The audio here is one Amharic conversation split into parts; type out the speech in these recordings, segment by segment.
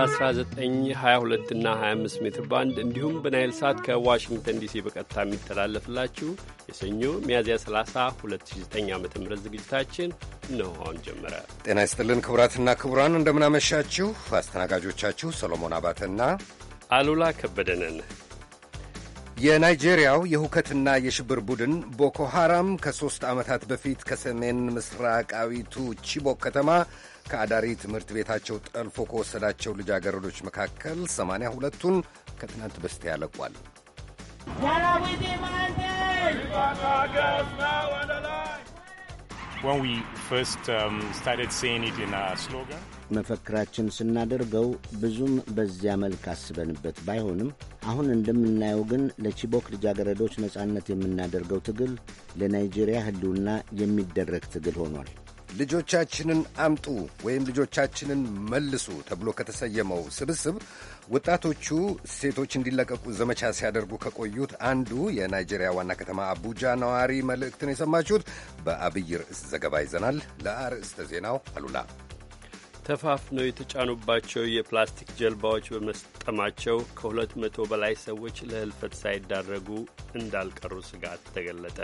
በ1922 እና 25 ሜትር ባንድ እንዲሁም በናይል ሳት ከዋሽንግተን ዲሲ በቀጥታ የሚተላለፍላችሁ የሰኞ ሚያዝያ 30 2009 ዓ ም ዝግጅታችን ነሆን ጀመረ። ጤና ይስጥልን ክቡራትና ክቡራን፣ እንደምናመሻችሁ። አስተናጋጆቻችሁ ሰሎሞን አባተና አሉላ ከበደነን። የናይጄሪያው የሁከትና የሽብር ቡድን ቦኮ ሃራም ከሦስት ዓመታት በፊት ከሰሜን ምስራቃዊቱ ቺቦክ ከተማ ከአዳሪ ትምህርት ቤታቸው ጠልፎ ከወሰዳቸው ልጃገረዶች መካከል ሰማንያ ሁለቱን ከትናንት በስቲያ ያለቋል። um, መፈክራችን ስናደርገው ብዙም በዚያ መልክ አስበንበት ባይሆንም አሁን እንደምናየው ግን ለቺቦክ ልጃገረዶች ነጻነት የምናደርገው ትግል ለናይጄሪያ ሕልውና የሚደረግ ትግል ሆኗል። ልጆቻችንን አምጡ ወይም ልጆቻችንን መልሱ ተብሎ ከተሰየመው ስብስብ ወጣቶቹ ሴቶች እንዲለቀቁ ዘመቻ ሲያደርጉ ከቆዩት አንዱ የናይጄሪያ ዋና ከተማ አቡጃ ነዋሪ መልእክትን የሰማችሁት በአብይ ርዕስ ዘገባ ይዘናል። ለአርዕስተ ዜናው አሉላ ተፋፍነው የተጫኑባቸው የፕላስቲክ ጀልባዎች በመስጠማቸው ከሁለት መቶ በላይ ሰዎች ለህልፈት ሳይዳረጉ እንዳልቀሩ ስጋት ተገለጠ።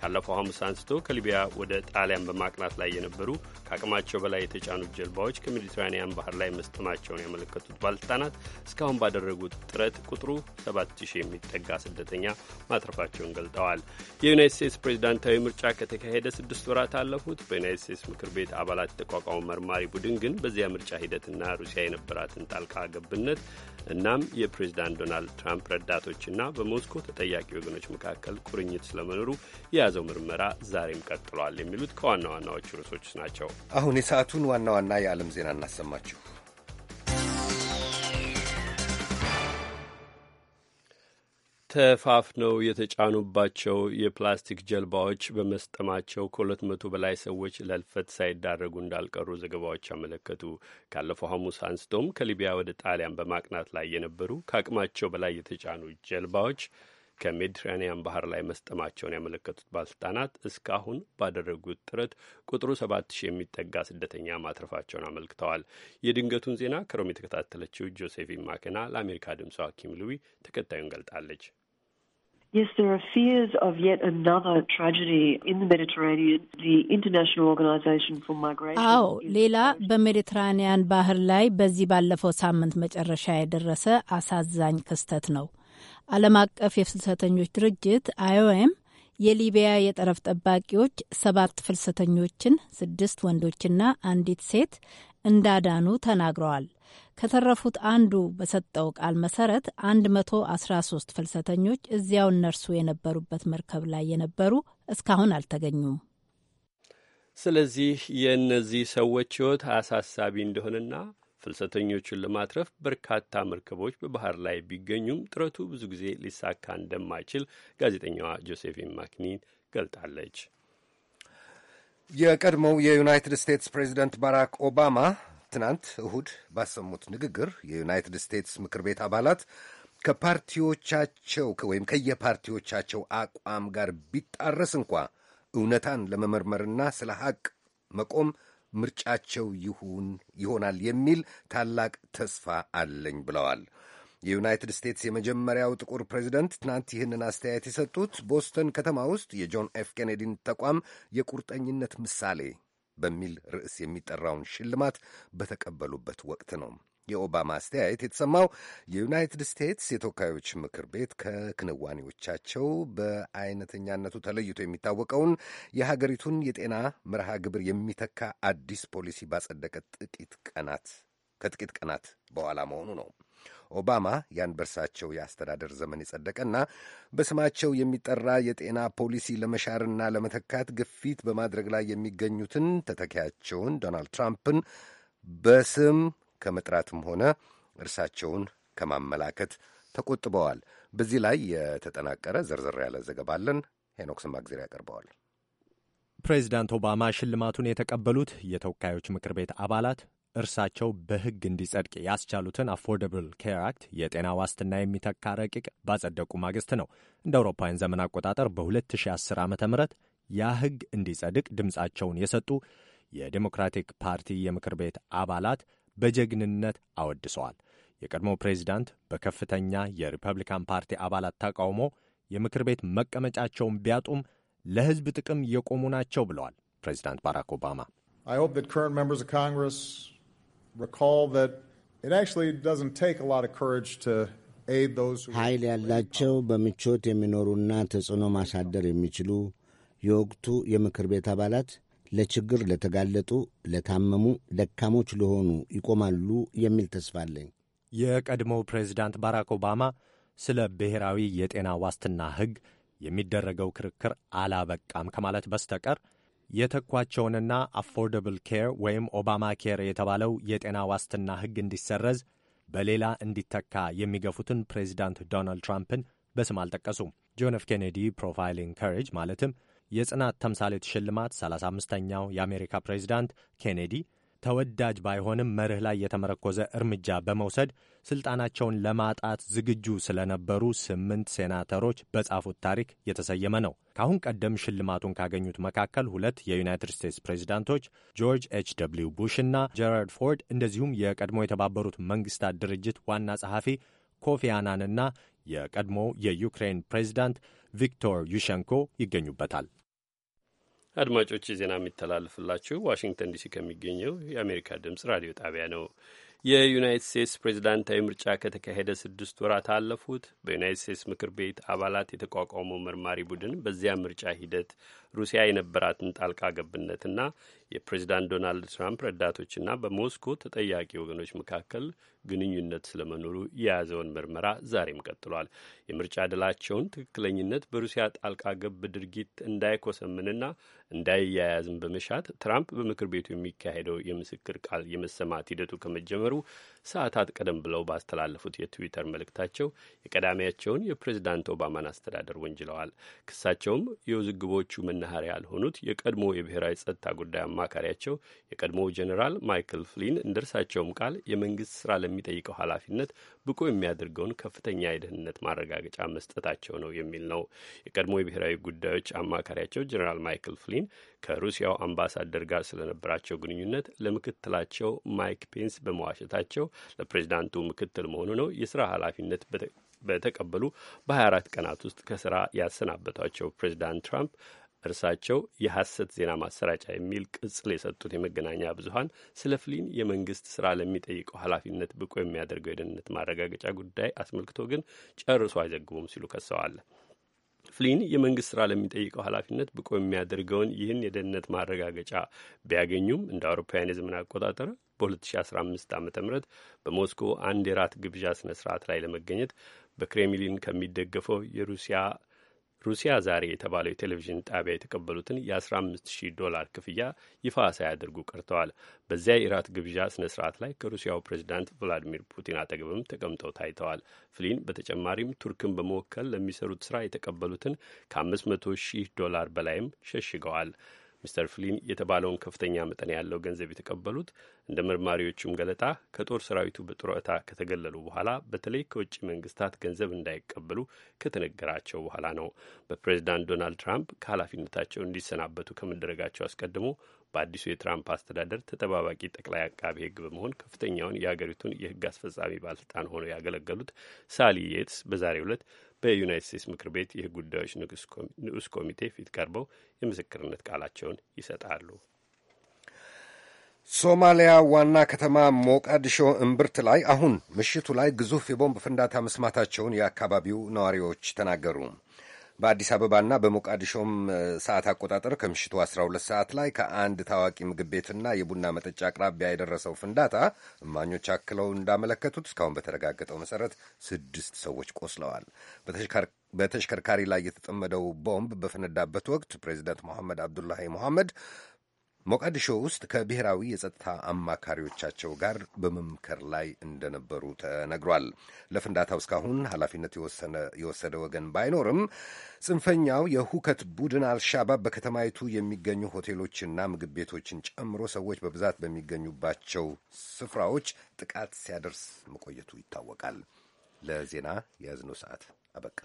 ካለፈው ሐሙስ አንስቶ ከሊቢያ ወደ ጣሊያን በማቅናት ላይ የነበሩ ከአቅማቸው በላይ የተጫኑት ጀልባዎች ከሜዲትራኒያን ባህር ላይ መስጠማቸውን ያመለከቱት ባለስልጣናት እስካሁን ባደረጉት ጥረት ቁጥሩ 7000 የሚጠጋ ስደተኛ ማትረፋቸውን ገልጠዋል። የዩናይት ስቴትስ ፕሬዚዳንታዊ ምርጫ ከተካሄደ ስድስት ወራት አለፉት። በዩናይት ስቴትስ ምክር ቤት አባላት የተቋቋሙ መርማሪ ቡድን ግን በዚያ ምርጫ ሂደትና ሩሲያ የነበራትን ጣልቃ ገብነት እናም የፕሬዚዳንት ዶናልድ ትራምፕ ረዳቶችና በሞስኮ ተጠያቂ ወገኖች መካከል ቁርኝት ስለመኖሩ የያዘው ምርመራ ዛሬም ቀጥሏል የሚሉት ከዋና ዋናዎቹ ርዕሶች ናቸው። አሁን የሰዓቱን ዋና ዋና የዓለም ዜና እናሰማችሁ። ተፋፍነው የተጫኑባቸው የፕላስቲክ ጀልባዎች በመስጠማቸው ከሁለት መቶ በላይ ሰዎች ለልፈት ሳይዳረጉ እንዳልቀሩ ዘገባዎች አመለከቱ። ካለፈው ሐሙስ አንስቶም ከሊቢያ ወደ ጣሊያን በማቅናት ላይ የነበሩ ከአቅማቸው በላይ የተጫኑ ጀልባዎች ከሜዲትራኒያን ባህር ላይ መስጠማቸውን ያመለከቱት ባለስልጣናት እስካሁን ባደረጉት ጥረት ቁጥሩ ሰባት ሺህ የሚጠጋ ስደተኛ ማትረፋቸውን አመልክተዋል። የድንገቱን ዜና ከሮም የተከታተለችው ጆሴፊን ማኬና ለአሜሪካ ድምፅ ሐኪም ልዊ ተከታዩን ገልጣለች። Yes, there are fears of yet another tragedy in the Mediterranean. The International Organization for Migration. አዎ ሌላ በሜዲትራኒያን ባህር ላይ በዚህ ባለፈው ሳምንት መጨረሻ የደረሰ አሳዛኝ ክስተት ነው። ዓለም አቀፍ የፍልሰተኞች ድርጅት አይኦኤም የሊቢያ የጠረፍ ጠባቂዎች ሰባት ፍልሰተኞችን፣ ስድስት ወንዶችና አንዲት ሴት እንዳዳኑ ተናግረዋል። ከተረፉት አንዱ በሰጠው ቃል መሰረት 113 ፍልሰተኞች እዚያው እነርሱ የነበሩበት መርከብ ላይ የነበሩ እስካሁን አልተገኙም። ስለዚህ የእነዚህ ሰዎች ሕይወት አሳሳቢ እንደሆነና ፍልሰተኞቹን ለማትረፍ በርካታ መርከቦች በባህር ላይ ቢገኙም ጥረቱ ብዙ ጊዜ ሊሳካ እንደማይችል ጋዜጠኛዋ ጆሴፊን ማክኒን ገልጣለች። የቀድሞው የዩናይትድ ስቴትስ ፕሬዚደንት ባራክ ኦባማ ትናንት እሁድ ባሰሙት ንግግር የዩናይትድ ስቴትስ ምክር ቤት አባላት ከፓርቲዎቻቸው ወይም ከየፓርቲዎቻቸው አቋም ጋር ቢጣረስ እንኳ እውነታን ለመመርመርና ስለ ሐቅ መቆም ምርጫቸው ይሁን ይሆናል የሚል ታላቅ ተስፋ አለኝ ብለዋል። የዩናይትድ ስቴትስ የመጀመሪያው ጥቁር ፕሬዚደንት ትናንት ይህንን አስተያየት የሰጡት ቦስተን ከተማ ውስጥ የጆን ኤፍ ኬኔዲን ተቋም የቁርጠኝነት ምሳሌ በሚል ርዕስ የሚጠራውን ሽልማት በተቀበሉበት ወቅት ነው። የኦባማ አስተያየት የተሰማው የዩናይትድ ስቴትስ የተወካዮች ምክር ቤት ከክንዋኔዎቻቸው በአይነተኛነቱ ተለይቶ የሚታወቀውን የሀገሪቱን የጤና መርሃ ግብር የሚተካ አዲስ ፖሊሲ ባጸደቀ ጥቂት ቀናት ከጥቂት ቀናት በኋላ መሆኑ ነው። ኦባማ ያን በርሳቸው የአስተዳደር ዘመን የጸደቀና በስማቸው የሚጠራ የጤና ፖሊሲ ለመሻርና ለመተካት ግፊት በማድረግ ላይ የሚገኙትን ተተኪያቸውን ዶናልድ ትራምፕን በስም ከመጥራትም ሆነ እርሳቸውን ከማመላከት ተቆጥበዋል። በዚህ ላይ የተጠናቀረ ዘርዘር ያለ ዘገባ አለን። ሄኖክ ስማግዜር ያቀርበዋል። ፕሬዚዳንት ኦባማ ሽልማቱን የተቀበሉት የተወካዮች ምክር ቤት አባላት እርሳቸው በሕግ እንዲጸድቅ ያስቻሉትን አፎርደብል ኬር አክት የጤና ዋስትና የሚተካ ረቂቅ ባጸደቁ ማግስት ነው። እንደ አውሮፓውያን ዘመን አቆጣጠር በ2010 ዓ ም ያ ሕግ እንዲጸድቅ ድምፃቸውን የሰጡ የዴሞክራቲክ ፓርቲ የምክር ቤት አባላት በጀግንነት አወድሰዋል። የቀድሞ ፕሬዚዳንት በከፍተኛ የሪፐብሊካን ፓርቲ አባላት ተቃውሞ የምክር ቤት መቀመጫቸውን ቢያጡም ለሕዝብ ጥቅም የቆሙ ናቸው ብለዋል ፕሬዚዳንት ባራክ ኦባማ። I hope that current members of Congress recall that it actually doesn't take a lot of courage to aid those who ኃይል ያላቸው በምቾት የሚኖሩና ተጽዕኖ ማሳደር የሚችሉ የወቅቱ የምክር ቤት አባላት ለችግር ለተጋለጡ፣ ለታመሙ፣ ደካሞች ለሆኑ ይቆማሉ የሚል ተስፋ አለኝ። የቀድሞው ፕሬዚዳንት ባራክ ኦባማ ስለ ብሔራዊ የጤና ዋስትና ሕግ የሚደረገው ክርክር አላበቃም ከማለት በስተቀር የተኳቸውንና አፎርደብል ኬር ወይም ኦባማ ኬር የተባለው የጤና ዋስትና ሕግ እንዲሰረዝ በሌላ እንዲተካ የሚገፉትን ፕሬዚዳንት ዶናልድ ትራምፕን በስም አልጠቀሱም። ጆን ኤፍ ኬኔዲ ፕሮፋይሊንግ ከሬጅ ማለትም የጽናት ተምሳሌት ሽልማት 35ኛው የአሜሪካ ፕሬዚዳንት ኬኔዲ ተወዳጅ ባይሆንም መርህ ላይ የተመረኮዘ እርምጃ በመውሰድ ስልጣናቸውን ለማጣት ዝግጁ ስለነበሩ ስምንት ሴናተሮች በጻፉት ታሪክ የተሰየመ ነው። ከአሁን ቀደም ሽልማቱን ካገኙት መካከል ሁለት የዩናይትድ ስቴትስ ፕሬዚዳንቶች ጆርጅ ኤች ደብልዩ ቡሽ እና ጀራርድ ፎርድ እንደዚሁም የቀድሞ የተባበሩት መንግስታት ድርጅት ዋና ጸሐፊ ኮፊ አናንና የቀድሞ የዩክሬን ፕሬዚዳንት ቪክቶር ዩሸንኮ ይገኙበታል። አድማጮች ዜና የሚተላለፍላችሁ ዋሽንግተን ዲሲ ከሚገኘው የአሜሪካ ድምጽ ራዲዮ ጣቢያ ነው። የዩናይት ስቴትስ ፕሬዚዳንታዊ ምርጫ ከተካሄደ ስድስት ወራት አለፉት። በዩናይት ስቴትስ ምክር ቤት አባላት የተቋቋመው መርማሪ ቡድን በዚያ ምርጫ ሂደት ሩሲያ የነበራትን ጣልቃ ገብነትና የፕሬዚዳንት ዶናልድ ትራምፕ ረዳቶችና በሞስኮ ተጠያቂ ወገኖች መካከል ግንኙነት ስለመኖሩ የያዘውን ምርመራ ዛሬም ቀጥሏል። የምርጫ ድላቸውን ትክክለኝነት በሩሲያ ጣልቃ ገብ ድርጊት እንዳይኮሰምንና እንዳይያያዝም በመሻት ትራምፕ በምክር ቤቱ የሚካሄደው የምስክር ቃል የመሰማት ሂደቱ ከመጀመሩ ሰዓታት ቀደም ብለው ባስተላለፉት የትዊተር መልእክታቸው የቀዳሚያቸውን የፕሬዚዳንት ኦባማን አስተዳደር ወንጅለዋል። ክሳቸውም የውዝግቦቹ መናኸሪያ ያልሆኑት የቀድሞ የብሔራዊ ጸጥታ ጉዳይ አማካሪያቸው የቀድሞው ጀኔራል ማይክል ፍሊን እንደ እርሳቸውም ቃል የመንግስት ስራ ለሚጠይቀው ኃላፊነት ብቁ የሚያደርገውን ከፍተኛ የደህንነት ማረጋገጫ መስጠታቸው ነው የሚል ነው። የቀድሞ የብሔራዊ ጉዳዮች አማካሪያቸው ጀኔራል ማይክል ፍሊን ከሩሲያው አምባሳደር ጋር ስለነበራቸው ግንኙነት ለምክትላቸው ማይክ ፔንስ በመዋሸታቸው ለፕሬዚዳንቱ ምክትል መሆኑ ነው የስራ ኃላፊነት በተቀበሉ በ24 ቀናት ውስጥ ከስራ ያሰናበቷቸው ፕሬዚዳንት ትራምፕ እርሳቸው የሐሰት ዜና ማሰራጫ የሚል ቅጽል የሰጡት የመገናኛ ብዙኃን ስለ ፍሊን የመንግስት ስራ ለሚጠይቀው ኃላፊነት ብቁ የሚያደርገው የደህንነት ማረጋገጫ ጉዳይ አስመልክቶ ግን ጨርሶ አይዘግቡም ሲሉ ከሰዋል። ፍሊን የመንግስት ስራ ለሚጠይቀው ኃላፊነት ብቁ የሚያደርገውን ይህን የደህንነት ማረጋገጫ ቢያገኙም እንደ አውሮፓውያን የዘመን አቆጣጠር በ2015 ዓ ም በሞስኮ አንድ የራት ግብዣ ስነ ስርዓት ላይ ለመገኘት በክሬምሊን ከሚደገፈው የሩሲያ ሩሲያ ዛሬ የተባለው የቴሌቪዥን ጣቢያ የተቀበሉትን የ15 ሺህ ዶላር ክፍያ ይፋ ሳያደርጉ ቀርተዋል። በዚያ የራት ግብዣ ስነ ስርዓት ላይ ከሩሲያው ፕሬዚዳንት ቭላዲሚር ፑቲን አጠገብም ተቀምጠው ታይተዋል። ፍሊን በተጨማሪም ቱርክን በመወከል ለሚሰሩት ስራ የተቀበሉትን ከ500 ሺህ ዶላር በላይም ሸሽገዋል። ሚስተር ፍሊን የተባለውን ከፍተኛ መጠን ያለው ገንዘብ የተቀበሉት እንደ መርማሪዎቹም ገለጣ ከጦር ሰራዊቱ በጡረታ ከተገለሉ በኋላ በተለይ ከውጭ መንግስታት ገንዘብ እንዳይቀበሉ ከተነገራቸው በኋላ ነው። በፕሬዚዳንት ዶናልድ ትራምፕ ከኃላፊነታቸው እንዲሰናበቱ ከመደረጋቸው አስቀድሞ በአዲሱ የትራምፕ አስተዳደር ተጠባባቂ ጠቅላይ አቃቢ ሕግ በመሆን ከፍተኛውን የሀገሪቱን የሕግ አስፈጻሚ ባለስልጣን ሆነው ያገለገሉት ሳሊ የትስ በዛሬው ዕለት በዩናይት ስቴትስ ምክር ቤት የህግ ጉዳዮች ንዑስ ኮሚቴ ፊት ቀርበው የምስክርነት ቃላቸውን ይሰጣሉ። ሶማሊያ ዋና ከተማ ሞቃዲሾ እምብርት ላይ አሁን ምሽቱ ላይ ግዙፍ የቦምብ ፍንዳታ መስማታቸውን የአካባቢው ነዋሪዎች ተናገሩ። በአዲስ አበባና በሞቃዲሾም ሰዓት አቆጣጠር ከምሽቱ 12 ሰዓት ላይ ከአንድ ታዋቂ ምግብ ቤትና የቡና መጠጫ አቅራቢያ የደረሰው ፍንዳታ እማኞች አክለው እንዳመለከቱት እስካሁን በተረጋገጠው መሰረት ስድስት ሰዎች ቆስለዋል። በተሽከርካሪ ላይ የተጠመደው ቦምብ በፈነዳበት ወቅት ፕሬዚዳንት መሐመድ አብዱላሂ መሐመድ ሞቃዲሾ ውስጥ ከብሔራዊ የጸጥታ አማካሪዎቻቸው ጋር በመምከር ላይ እንደነበሩ ተነግሯል። ለፍንዳታው እስካሁን ኃላፊነት የወሰደ ወገን ባይኖርም ጽንፈኛው የሁከት ቡድን አልሻባብ በከተማይቱ የሚገኙ ሆቴሎችና ምግብ ቤቶችን ጨምሮ ሰዎች በብዛት በሚገኙባቸው ስፍራዎች ጥቃት ሲያደርስ መቆየቱ ይታወቃል። ለዜና የያዝነው ሰዓት አበቃ።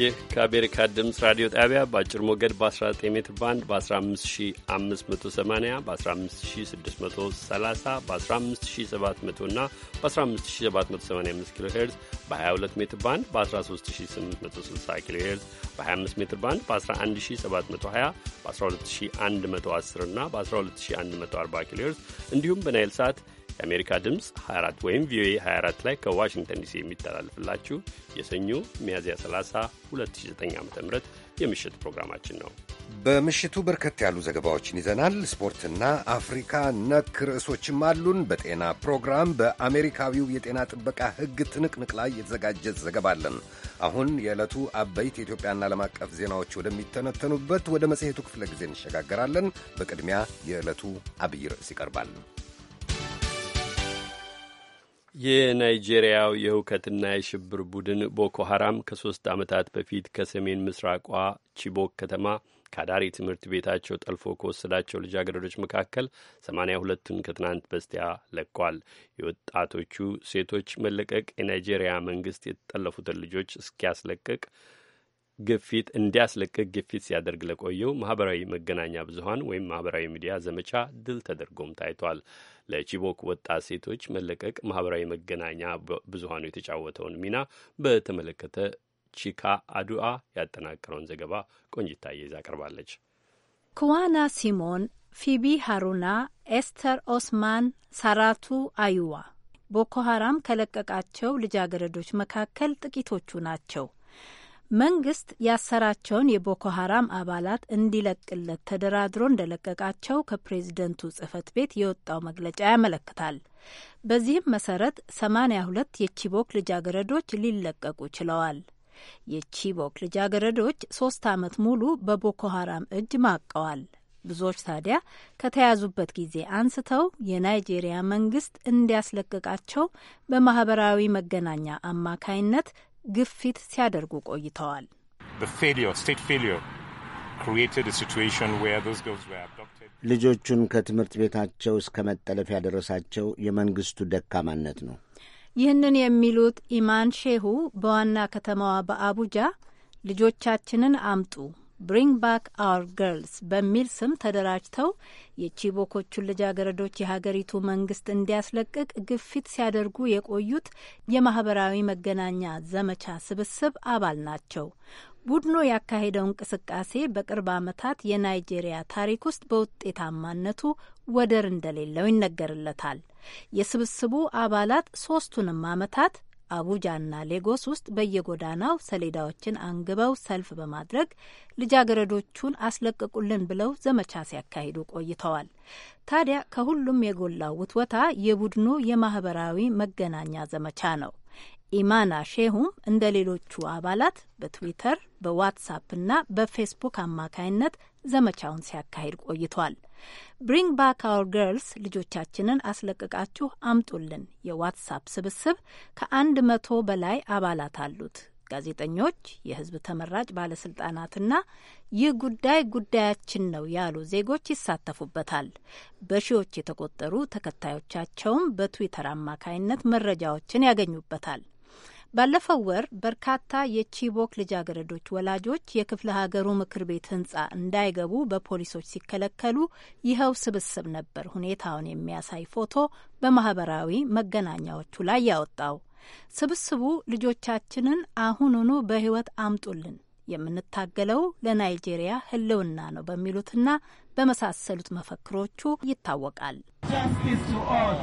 ይህ ከአሜሪካ ድምፅ ራዲዮ ጣቢያ በአጭር ሞገድ በ19 ሜትር ባንድ በ15580 በ15630 በ15700 እና በ15785 ኪሎ ሄርዝ በ22 ሜትር ባንድ በ13860 ኪሎ ሄርዝ በ25 ሜትር ባንድ በ11720 በ12110 እና በ12140 ኪሎ ሄርዝ እንዲሁም በናይል ሰዓት የአሜሪካ ድምፅ 24 ወይም ቪኦኤ 24 ላይ ከዋሽንግተን ዲሲ የሚተላልፍላችሁ የሰኞ ሚያዝያ 30 2009 ዓ ም የምሽት ፕሮግራማችን ነው። በምሽቱ በርከት ያሉ ዘገባዎችን ይዘናል። ስፖርትና አፍሪካ ነክ ርዕሶችም አሉን። በጤና ፕሮግራም በአሜሪካዊው የጤና ጥበቃ ሕግ ትንቅንቅ ላይ የተዘጋጀ ዘገባ አለን። አሁን የዕለቱ አበይት የኢትዮጵያና ዓለም አቀፍ ዜናዎች ወደሚተነተኑበት ወደ መጽሔቱ ክፍለ ጊዜ እንሸጋገራለን። በቅድሚያ የዕለቱ አብይ ርዕስ ይቀርባል። የናይጄሪያው የእውከትና የሽብር ቡድን ቦኮ ሀራም ከሶስት ዓመታት በፊት ከሰሜን ምስራቋ ቺቦክ ከተማ ከአዳሪ ትምህርት ቤታቸው ጠልፎ ከወሰዳቸው ልጃገረዶች መካከል ሰማንያ ሁለቱን ከትናንት በስቲያ ለቋል። የወጣቶቹ ሴቶች መለቀቅ የናይጄሪያ መንግስት የተጠለፉትን ልጆች እስኪያስለቅቅ ግፊት እንዲያስለቅቅ ግፊት ሲያደርግ ለቆየው ማህበራዊ መገናኛ ብዙሀን ወይም ማህበራዊ ሚዲያ ዘመቻ ድል ተደርጎም ታይቷል። ለቺቦክ ወጣት ሴቶች መለቀቅ ማህበራዊ መገናኛ ብዙሀኑ የተጫወተውን ሚና በተመለከተ ቺካ አዱአ ያጠናቀረውን ዘገባ ቆንጅታ ይዛ ቀርባለች። ክዋና ሲሞን፣ ፊቢ ሃሩና፣ ኤስተር ኦስማን፣ ሳራቱ አዩዋ ቦኮ ሀራም ከለቀቃቸው ልጃገረዶች መካከል ጥቂቶቹ ናቸው። መንግስት ያሰራቸውን የቦኮ ሀራም አባላት እንዲለቅለት ተደራድሮ እንደለቀቃቸው ከፕሬዝደንቱ ጽህፈት ቤት የወጣው መግለጫ ያመለክታል። በዚህም መሰረት ሰማንያ ሁለት የቺቦክ ልጃገረዶች ሊለቀቁ ችለዋል። የቺቦክ ልጃገረዶች ሶስት አመት ሙሉ በቦኮ ሀራም እጅ ማቀዋል። ብዙዎች ታዲያ ከተያዙበት ጊዜ አንስተው የናይጄሪያ መንግስት እንዲያስለቅቃቸው በማህበራዊ መገናኛ አማካይነት ግፊት ሲያደርጉ ቆይተዋል። ልጆቹን ከትምህርት ቤታቸው እስከ መጠለፍ ያደረሳቸው የመንግስቱ ደካማነት ነው። ይህንን የሚሉት ኢማን ሼሁ በዋና ከተማዋ በአቡጃ ልጆቻችንን አምጡ ብሪንግ ባክ አወር ገርልስ በሚል ስም ተደራጅተው የቺቦኮቹን ልጃገረዶች የሀገሪቱ መንግስት እንዲያስለቅቅ ግፊት ሲያደርጉ የቆዩት የማህበራዊ መገናኛ ዘመቻ ስብስብ አባል ናቸው። ቡድኑ ያካሄደው እንቅስቃሴ በቅርብ ዓመታት የናይጄሪያ ታሪክ ውስጥ በውጤታማነቱ ወደር እንደሌለው ይነገርለታል። የስብስቡ አባላት ሶስቱንም ዓመታት አቡጃና ሌጎስ ውስጥ በየጎዳናው ሰሌዳዎችን አንግበው ሰልፍ በማድረግ ልጃገረዶቹን አስለቅቁልን ብለው ዘመቻ ሲያካሂዱ ቆይተዋል። ታዲያ ከሁሉም የጎላው ውትወታ የቡድኑ የማህበራዊ መገናኛ ዘመቻ ነው። ኢማና ሼሁም እንደ ሌሎቹ አባላት በትዊተር እና በፌስቡክ አማካይነት ዘመቻውን ሲያካሂድ ቆይቷል። ብሪንግ ባክ አወር ገርልስ ልጆቻችንን አስለቅቃችሁ አምጡልን የዋትሳፕ ስብስብ ከአንድ መቶ በላይ አባላት አሉት። ጋዜጠኞች፣ የህዝብ ተመራጭ ባለስልጣናትና ይህ ጉዳይ ጉዳያችን ነው ያሉ ዜጎች ይሳተፉበታል። በሺዎች የተቆጠሩ ተከታዮቻቸውም በትዊተር አማካይነት መረጃዎችን ያገኙበታል። ባለፈው ወር በርካታ የቺቦክ ልጃገረዶች ወላጆች የክፍለ ሀገሩ ምክር ቤት ህንጻ እንዳይገቡ በፖሊሶች ሲከለከሉ ይኸው ስብስብ ነበር ሁኔታውን የሚያሳይ ፎቶ በማህበራዊ መገናኛዎቹ ላይ ያወጣው። ስብስቡ ልጆቻችንን አሁኑኑ በህይወት አምጡልን፣ የምንታገለው ለናይጄሪያ ህልውና ነው በሚሉትና በመሳሰሉት መፈክሮቹ ይታወቃል። ጃስቲስ ቱ ኦል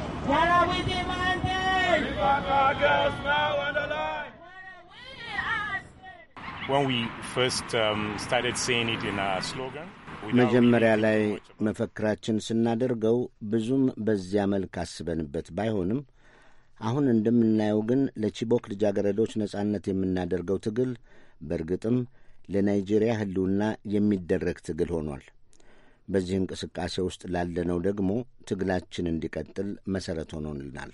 Um, መጀመሪያ ላይ መፈክራችን ስናደርገው ብዙም በዚያ መልክ አስበንበት ባይሆንም አሁን እንደምናየው ግን ለቺቦክ ልጃገረዶች ነጻነት የምናደርገው ትግል በእርግጥም ለናይጄሪያ ሕልውና የሚደረግ ትግል ሆኗል። በዚህ እንቅስቃሴ ውስጥ ላለነው ደግሞ ትግላችን እንዲቀጥል መሠረት ሆኖልናል።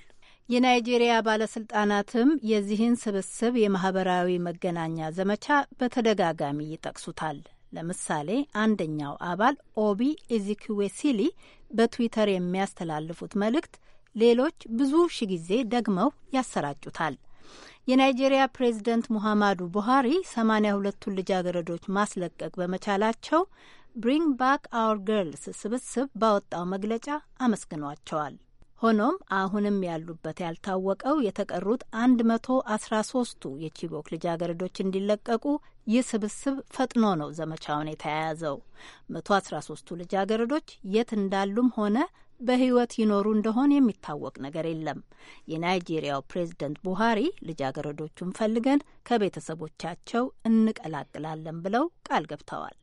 የናይጄሪያ ባለስልጣናትም የዚህን ስብስብ የማህበራዊ መገናኛ ዘመቻ በተደጋጋሚ ይጠቅሱታል። ለምሳሌ አንደኛው አባል ኦቢ ኤዚኪዌሲሊ በትዊተር የሚያስተላልፉት መልእክት ሌሎች ብዙ ሺ ጊዜ ደግመው ያሰራጩታል። የናይጄሪያ ፕሬዝደንት ሙሐማዱ ቡሃሪ ሰማንያ ሁለቱን ልጃገረዶች ማስለቀቅ በመቻላቸው ብሪንግ ባክ አውር ገርልስ ስብስብ ባወጣው መግለጫ አመስግኗቸዋል። ሆኖም አሁንም ያሉበት ያልታወቀው የተቀሩት አንድ መቶ አስራ ሶስቱ የቺቦክ ልጃገረዶች እንዲለቀቁ ይህ ስብስብ ፈጥኖ ነው ዘመቻውን የተያያዘው አስራ 113ቱ ልጃገረዶች የት እንዳሉም ሆነ በሕይወት ይኖሩ እንደሆን የሚታወቅ ነገር የለም። የናይጄሪያው ፕሬዝደንት ቡሃሪ ልጃገረዶቹን ፈልገን ከቤተሰቦቻቸው እንቀላቅላለን ብለው ቃል ገብተዋል።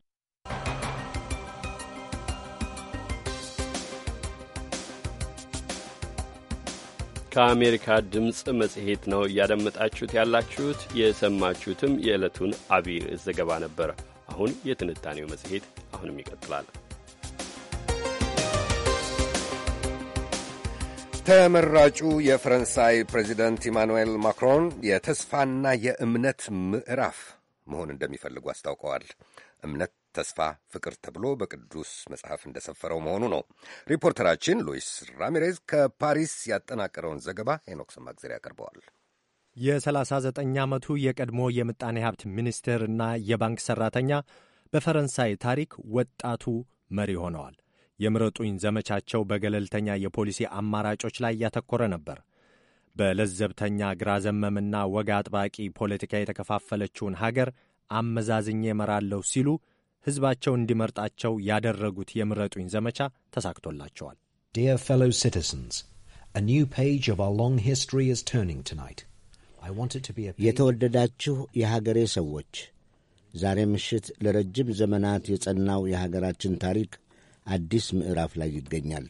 ከአሜሪካ ድምፅ መጽሔት ነው እያደመጣችሁት ያላችሁት። የሰማችሁትም የዕለቱን አብይ ርዕስ ዘገባ ነበር። አሁን የትንታኔው መጽሔት አሁንም ይቀጥላል። ተመራጩ የፈረንሳይ ፕሬዚደንት ኢማኑኤል ማክሮን የተስፋና የእምነት ምዕራፍ መሆን እንደሚፈልጉ አስታውቀዋል። እምነት ተስፋ፣ ፍቅር ተብሎ በቅዱስ መጽሐፍ እንደሰፈረው መሆኑ ነው። ሪፖርተራችን ሉዊስ ራሚሬዝ ከፓሪስ ያጠናቀረውን ዘገባ ሄኖክ ሰማግዜር ያቀርበዋል። የ39 ዓመቱ የቀድሞ የምጣኔ ሀብት ሚኒስቴር እና የባንክ ሠራተኛ በፈረንሳይ ታሪክ ወጣቱ መሪ ሆነዋል። የምረጡኝ ዘመቻቸው በገለልተኛ የፖሊሲ አማራጮች ላይ ያተኮረ ነበር። በለዘብተኛ ግራ ዘመምና ወግ አጥባቂ ፖለቲካ የተከፋፈለችውን ሀገር አመዛዝኜ እመራለሁ ሲሉ ሕዝባቸው እንዲመርጣቸው ያደረጉት የምረጡኝ ዘመቻ ተሳክቶላቸዋል። Dear fellow citizens, a new page of our long history is turning tonight. የተወደዳችሁ የሀገሬ ሰዎች ዛሬ ምሽት ለረጅም ዘመናት የጸናው የሀገራችን ታሪክ አዲስ ምዕራፍ ላይ ይገኛል።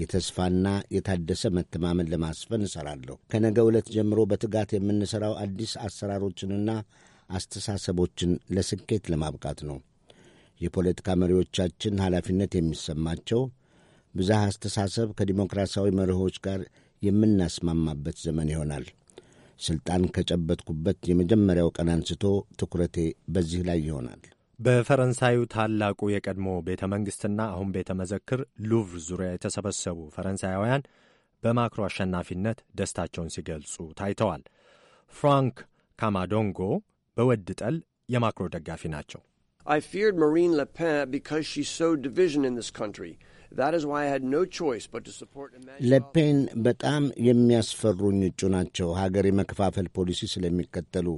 የተስፋና የታደሰ መተማመን ለማስፈን እሠራለሁ። ከነገ ዕለት ጀምሮ በትጋት የምንሠራው አዲስ አሰራሮችንና አስተሳሰቦችን ለስኬት ለማብቃት ነው። የፖለቲካ መሪዎቻችን ኃላፊነት የሚሰማቸው ብዝሃ አስተሳሰብ ከዲሞክራሲያዊ መርሆች ጋር የምናስማማበት ዘመን ይሆናል። ስልጣን ከጨበጥኩበት የመጀመሪያው ቀን አንስቶ ትኩረቴ በዚህ ላይ ይሆናል። በፈረንሳዩ ታላቁ የቀድሞ ቤተ መንግሥትና አሁን ቤተ መዘክር ሉቭር ዙሪያ የተሰበሰቡ ፈረንሳያውያን በማክሮ አሸናፊነት ደስታቸውን ሲገልጹ ታይተዋል። ፍራንክ ካማዶንጎ በወድ ጠል የማክሮ ደጋፊ ናቸው። I feared Marine Le Pen because she sowed division in this country. That is why I had no choice but to support ለፔን በጣም የሚያስፈሩኝ እጩ ናቸው። ሀገር የመከፋፈል ፖሊሲ ስለሚከተሉ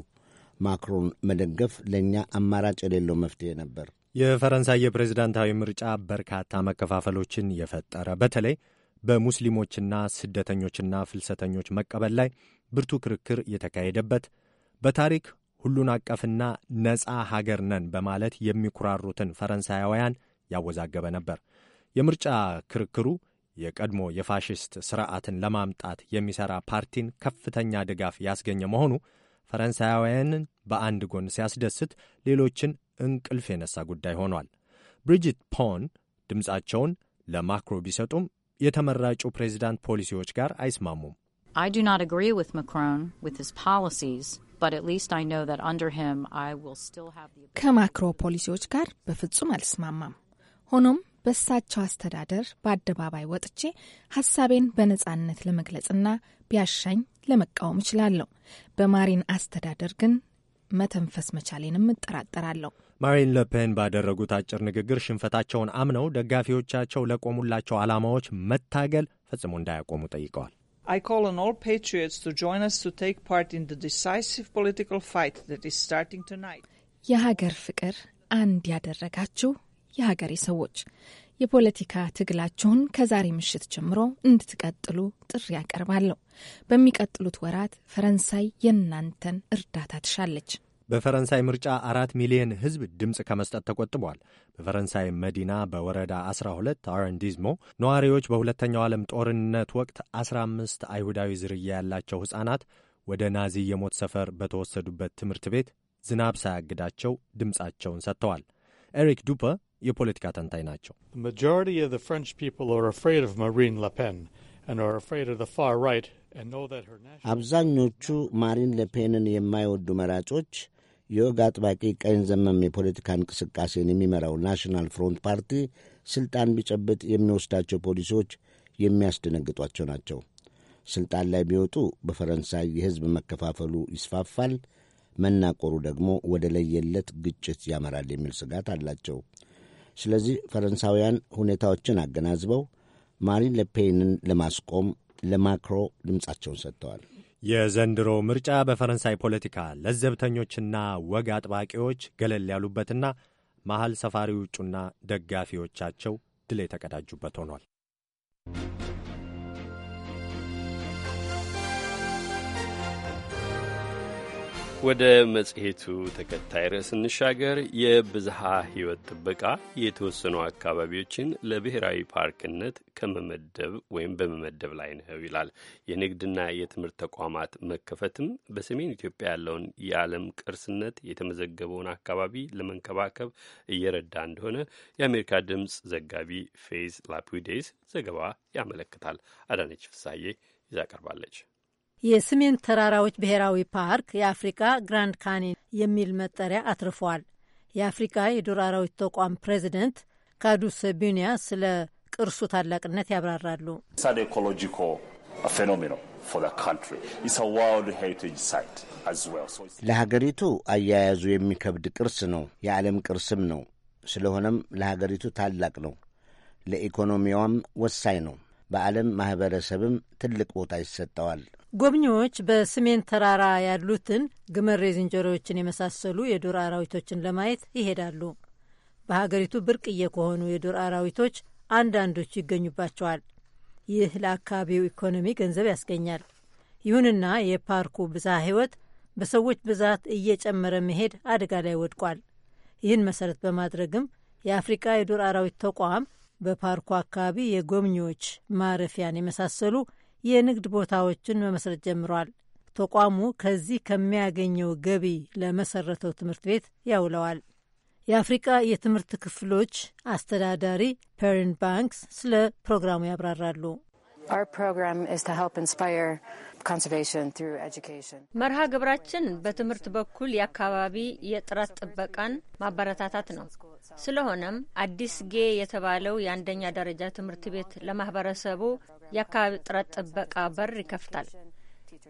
ማክሮን መደገፍ ለእኛ አማራጭ የሌለው መፍትሄ ነበር። የፈረንሳይ የፕሬዝዳንታዊ ምርጫ በርካታ መከፋፈሎችን የፈጠረ በተለይ በሙስሊሞችና ስደተኞችና ፍልሰተኞች መቀበል ላይ ብርቱ ክርክር የተካሄደበት በታሪክ ሁሉን አቀፍና ነፃ ሀገር ነን በማለት የሚኩራሩትን ፈረንሳያውያን ያወዛገበ ነበር። የምርጫ ክርክሩ የቀድሞ የፋሽስት ስርዓትን ለማምጣት የሚሠራ ፓርቲን ከፍተኛ ድጋፍ ያስገኘ መሆኑ ፈረንሳያውያንን በአንድ ጎን ሲያስደስት፣ ሌሎችን እንቅልፍ የነሳ ጉዳይ ሆኗል። ብሪጅት ፖን ድምፃቸውን ለማክሮ ቢሰጡም የተመራጩ ፕሬዚዳንት ፖሊሲዎች ጋር አይስማሙም። I do not agree with Macron with his policies ከማክሮ ፖሊሲዎች ጋር በፍጹም አልስማማም። ሆኖም በእሳቸው አስተዳደር በአደባባይ ወጥቼ ሀሳቤን በነጻነት ለመግለጽና ቢያሻኝ ለመቃወም እችላለሁ። በማሪን አስተዳደር ግን መተንፈስ መቻሌንም እጠራጠራለሁ። ማሪን ለፔን ባደረጉት አጭር ንግግር ሽንፈታቸውን አምነው ደጋፊዎቻቸው ለቆሙላቸው ዓላማዎች መታገል ፈጽሞ እንዳያቆሙ ጠይቀዋል። I call on all patriots to join us to take part in the decisive political fight that is starting tonight. የሀገር ፍቅር አንድ ያደረጋችሁ የሀገሬ ሰዎች የፖለቲካ ትግላችሁን ከዛሬ ምሽት ጀምሮ እንድትቀጥሉ ጥሪ ያቀርባለሁ። በሚቀጥሉት ወራት ፈረንሳይ የእናንተን እርዳታ ትሻለች። በፈረንሳይ ምርጫ አራት ሚሊዮን ሕዝብ ድምፅ ከመስጠት ተቆጥቧል። በፈረንሳይ መዲና በወረዳ 12 አረንዲዝሞ ነዋሪዎች በሁለተኛው ዓለም ጦርነት ወቅት 15 አይሁዳዊ ዝርያ ያላቸው ሕፃናት ወደ ናዚ የሞት ሰፈር በተወሰዱበት ትምህርት ቤት ዝናብ ሳያግዳቸው ድምፃቸውን ሰጥተዋል። ኤሪክ ዱፐ የፖለቲካ ተንታኝ ናቸው። አብዛኞቹ ማሪን ለፔንን የማይወዱ መራጮች የወግ አጥባቂ ቀኝ ዘመም የፖለቲካ እንቅስቃሴን የሚመራው ናሽናል ፍሮንት ፓርቲ ስልጣን ቢጨብጥ የሚወስዳቸው ፖሊሲዎች የሚያስደነግጧቸው ናቸው። ስልጣን ላይ ቢወጡ በፈረንሳይ የሕዝብ መከፋፈሉ ይስፋፋል፣ መናቆሩ ደግሞ ወደ ለየለት ግጭት ያመራል የሚል ስጋት አላቸው። ስለዚህ ፈረንሳውያን ሁኔታዎችን አገናዝበው ማሪን ለፔንን ለማስቆም ለማክሮ ድምፃቸውን ሰጥተዋል። የዘንድሮ ምርጫ በፈረንሳይ ፖለቲካ ለዘብተኞችና ወግ አጥባቂዎች ገለል ያሉበትና መሐል ሰፋሪ ውጩና ደጋፊዎቻቸው ድል የተቀዳጁበት ሆኗል። ወደ መጽሔቱ ተከታይ ርዕስ እንሻገር። የብዝሃ ሕይወት ጥበቃ የተወሰኑ አካባቢዎችን ለብሔራዊ ፓርክነት ከመመደብ ወይም በመመደብ ላይ ነው ይላል። የንግድና የትምህርት ተቋማት መከፈትም በሰሜን ኢትዮጵያ ያለውን የዓለም ቅርስነት የተመዘገበውን አካባቢ ለመንከባከብ እየረዳ እንደሆነ የአሜሪካ ድምፅ ዘጋቢ ፌዝ ላፒዴስ ዘገባ ያመለክታል። አዳነች ፍሳዬ ይዛ ቀርባለች። የሰሜን ተራራዎች ብሔራዊ ፓርክ የአፍሪካ ግራንድ ካኔን የሚል መጠሪያ አትርፏል። የአፍሪካ የዱር አራዊት ተቋም ፕሬዚደንት ካዱሰ ቢኒያ ስለ ቅርሱ ታላቅነት ያብራራሉ። ለሀገሪቱ አያያዙ የሚከብድ ቅርስ ነው፣ የዓለም ቅርስም ነው። ስለሆነም ለሀገሪቱ ታላቅ ነው፣ ለኢኮኖሚዋም ወሳኝ ነው። በዓለም ማኅበረሰብም ትልቅ ቦታ ይሰጠዋል። ጎብኚዎች በሰሜን ተራራ ያሉትን ግመሬ ዝንጀሮዎችን የመሳሰሉ የዱር አራዊቶችን ለማየት ይሄዳሉ። በሀገሪቱ ብርቅዬ ከሆኑ የዱር አራዊቶች አንዳንዶቹ ይገኙባቸዋል። ይህ ለአካባቢው ኢኮኖሚ ገንዘብ ያስገኛል። ይሁንና የፓርኩ ብዝሃ ሕይወት በሰዎች ብዛት እየጨመረ መሄድ አደጋ ላይ ወድቋል። ይህን መሰረት በማድረግም የአፍሪቃ የዱር አራዊት ተቋም በፓርኩ አካባቢ የጎብኚዎች ማረፊያን የመሳሰሉ የንግድ ቦታዎችን መመስረት ጀምሯል። ተቋሙ ከዚህ ከሚያገኘው ገቢ ለመሰረተው ትምህርት ቤት ያውለዋል። የአፍሪቃ የትምህርት ክፍሎች አስተዳዳሪ ፐሪን ባንክስ ስለ ፕሮግራሙ ያብራራሉ። መርሃ ግብራችን በትምህርት በኩል የአካባቢ የጥራት ጥበቃን ማበረታታት ነው። ስለሆነም አዲስ ጌ የተባለው የአንደኛ ደረጃ ትምህርት ቤት ለማህበረሰቡ የአካባቢ ጥረት ጥበቃ በር ይከፍታል።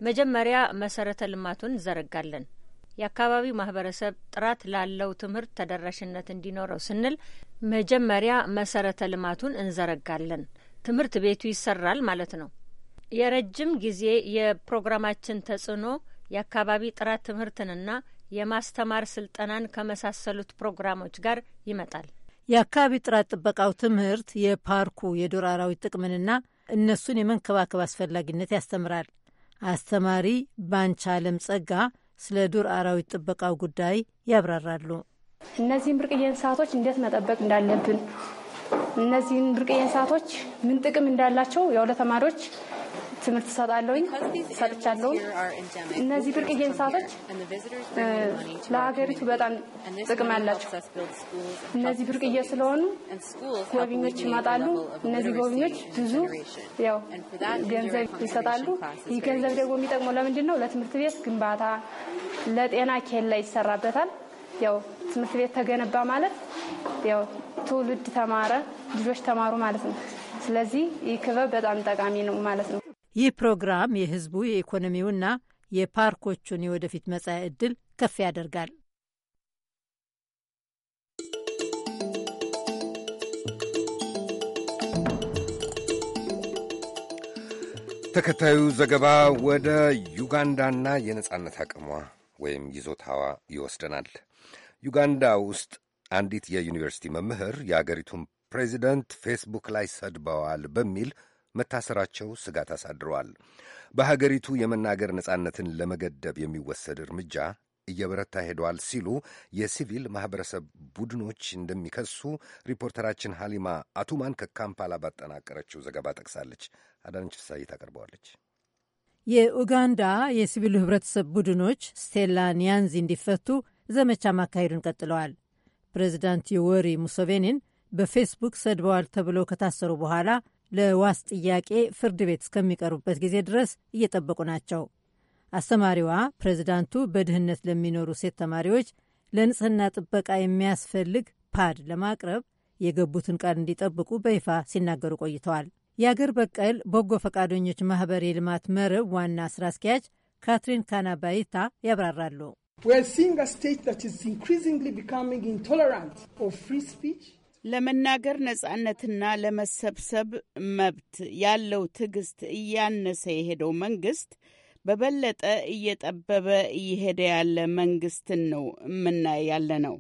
መጀመሪያ መሰረተ ልማቱን እንዘረጋለን። የአካባቢው ማህበረሰብ ጥራት ላለው ትምህርት ተደራሽነት እንዲኖረው ስንል መጀመሪያ መሰረተ ልማቱን እንዘረጋለን። ትምህርት ቤቱ ይሰራል ማለት ነው። የረጅም ጊዜ የፕሮግራማችን ተጽዕኖ የአካባቢ ጥራት ትምህርትንና የማስተማር ስልጠናን ከመሳሰሉት ፕሮግራሞች ጋር ይመጣል። የአካባቢ ጥራት ጥበቃው ትምህርት የፓርኩ የዱር አራዊት ጥቅምንና እነሱን የመንከባከብ አስፈላጊነት ያስተምራል። አስተማሪ ባንቻለም ጸጋ ስለ ዱር አራዊት ጥበቃው ጉዳይ ያብራራሉ። እነዚህን ብርቅዬ እንስሳቶች እንዴት መጠበቅ እንዳለብን፣ እነዚህን ብርቅዬ እንስሳቶች ምን ጥቅም እንዳላቸው ያው ለተማሪዎች ትምህርት ሰጣለሁኝ ሰጥቻለሁ። እነዚህ ብርቅዬ እንስሳቶች ለሀገሪቱ በጣም ጥቅም አላቸው። እነዚህ ብርቅዬ ስለሆኑ ጎብኞች ይመጣሉ። እነዚህ ጎብኞች ብዙ ያው ገንዘብ ይሰጣሉ። ይህ ገንዘብ ደግሞ የሚጠቅመው ለምንድን ነው? ለትምህርት ቤት ግንባታ፣ ለጤና ኬላ ይሰራበታል። ያው ትምህርት ቤት ተገነባ ማለት ያው ትውልድ ተማረ፣ ልጆች ተማሩ ማለት ነው። ስለዚህ ይህ ክበብ በጣም ጠቃሚ ነው ማለት ነው። ይህ ፕሮግራም የህዝቡ የኢኮኖሚውና የፓርኮቹን የወደፊት መጻኢ ዕድል ከፍ ያደርጋል። ተከታዩ ዘገባ ወደ ዩጋንዳና የነጻነት አቅሟ ወይም ይዞታዋ ይወስደናል። ዩጋንዳ ውስጥ አንዲት የዩኒቨርሲቲ መምህር የአገሪቱን ፕሬዚደንት ፌስቡክ ላይ ሰድበዋል በሚል መታሰራቸው ስጋት አሳድረዋል። በሀገሪቱ የመናገር ነጻነትን ለመገደብ የሚወሰድ እርምጃ እየበረታ ሄደዋል ሲሉ የሲቪል ማኅበረሰብ ቡድኖች እንደሚከሱ ሪፖርተራችን ሀሊማ አቱማን ከካምፓላ ባጠናቀረችው ዘገባ ጠቅሳለች። አዳነች ፍሳይ ታቀርበዋለች። የኡጋንዳ የሲቪሉ ህብረተሰብ ቡድኖች ስቴላ ኒያንዚ እንዲፈቱ ዘመቻ ማካሄዱን ቀጥለዋል። ፕሬዚዳንት ዮወሪ ሙሶቬኒን በፌስቡክ ሰድበዋል ተብለው ከታሰሩ በኋላ ለዋስ ጥያቄ ፍርድ ቤት እስከሚቀርቡበት ጊዜ ድረስ እየጠበቁ ናቸው። አስተማሪዋ ፕሬዚዳንቱ በድህነት ለሚኖሩ ሴት ተማሪዎች ለንጽህና ጥበቃ የሚያስፈልግ ፓድ ለማቅረብ የገቡትን ቃል እንዲጠብቁ በይፋ ሲናገሩ ቆይተዋል። የአገር በቀል በጎ ፈቃደኞች ማህበር የልማት መረብ ዋና ስራ አስኪያጅ ካትሪን ካናባይታ ያብራራሉ። ለመናገር ነጻነትና ለመሰብሰብ መብት ያለው ትዕግስት እያነሰ የሄደው መንግስት በበለጠ እየጠበበ እየሄደ ያለ መንግስትን ነው የምናይ ያለ ነው።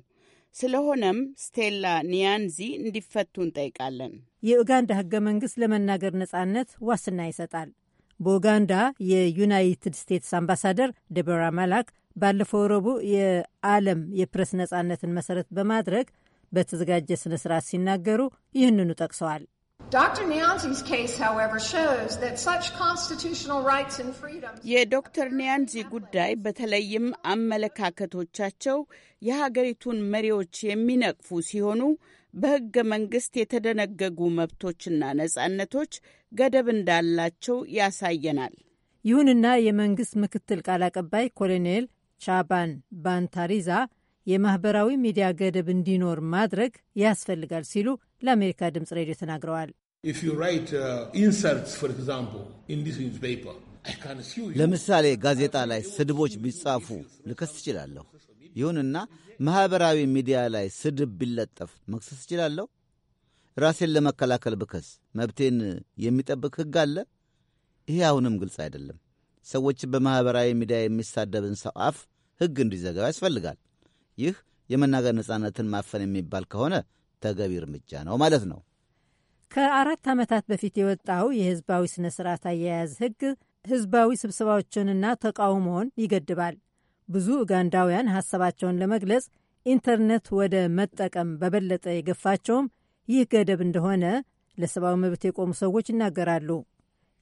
ስለሆነም ስቴላ ኒያንዚ እንዲፈቱ እንጠይቃለን። የኡጋንዳ ህገ መንግስት ለመናገር ነጻነት ዋስትና ይሰጣል። በኡጋንዳ የዩናይትድ ስቴትስ አምባሳደር ደቦራ ማላክ ባለፈው ረቡዕ የዓለም የፕሬስ ነጻነትን መሰረት በማድረግ በተዘጋጀ ስነ ስርዓት ሲናገሩ ይህንኑ ጠቅሰዋል። የዶክተር ኒያንዚ ጉዳይ በተለይም አመለካከቶቻቸው የሀገሪቱን መሪዎች የሚነቅፉ ሲሆኑ በሕገ መንግሥት የተደነገጉ መብቶችና ነጻነቶች ገደብ እንዳላቸው ያሳየናል። ይሁንና የመንግሥት ምክትል ቃል አቀባይ ኮሎኔል ቻባን ባንታሪዛ የማህበራዊ ሚዲያ ገደብ እንዲኖር ማድረግ ያስፈልጋል ሲሉ ለአሜሪካ ድምፅ ሬዲዮ ተናግረዋል። uh, ለምሳሌ ጋዜጣ ላይ ስድቦች ቢጻፉ ልከስ ትችላለሁ። ይሁንና ማኅበራዊ ሚዲያ ላይ ስድብ ቢለጠፍ መክሰስ እችላለሁ። ራሴን ለመከላከል ብከስ መብቴን የሚጠብቅ ሕግ አለ? ይሄ አሁንም ግልጽ አይደለም። ሰዎችን በማኅበራዊ ሚዲያ የሚሳደብን ሰው አፍ ሕግ እንዲዘጋው ያስፈልጋል። ይህ የመናገር ነጻነትን ማፈን የሚባል ከሆነ ተገቢ እርምጃ ነው ማለት ነው። ከአራት ዓመታት በፊት የወጣው የህዝባዊ ስነ ስርዓት አያያዝ ህግ ህዝባዊ ስብሰባዎችንና ተቃውሞውን ይገድባል። ብዙ ኡጋንዳውያን ሀሳባቸውን ለመግለጽ ኢንተርኔት ወደ መጠቀም በበለጠ የገፋቸውም ይህ ገደብ እንደሆነ ለሰብአዊ መብት የቆሙ ሰዎች ይናገራሉ።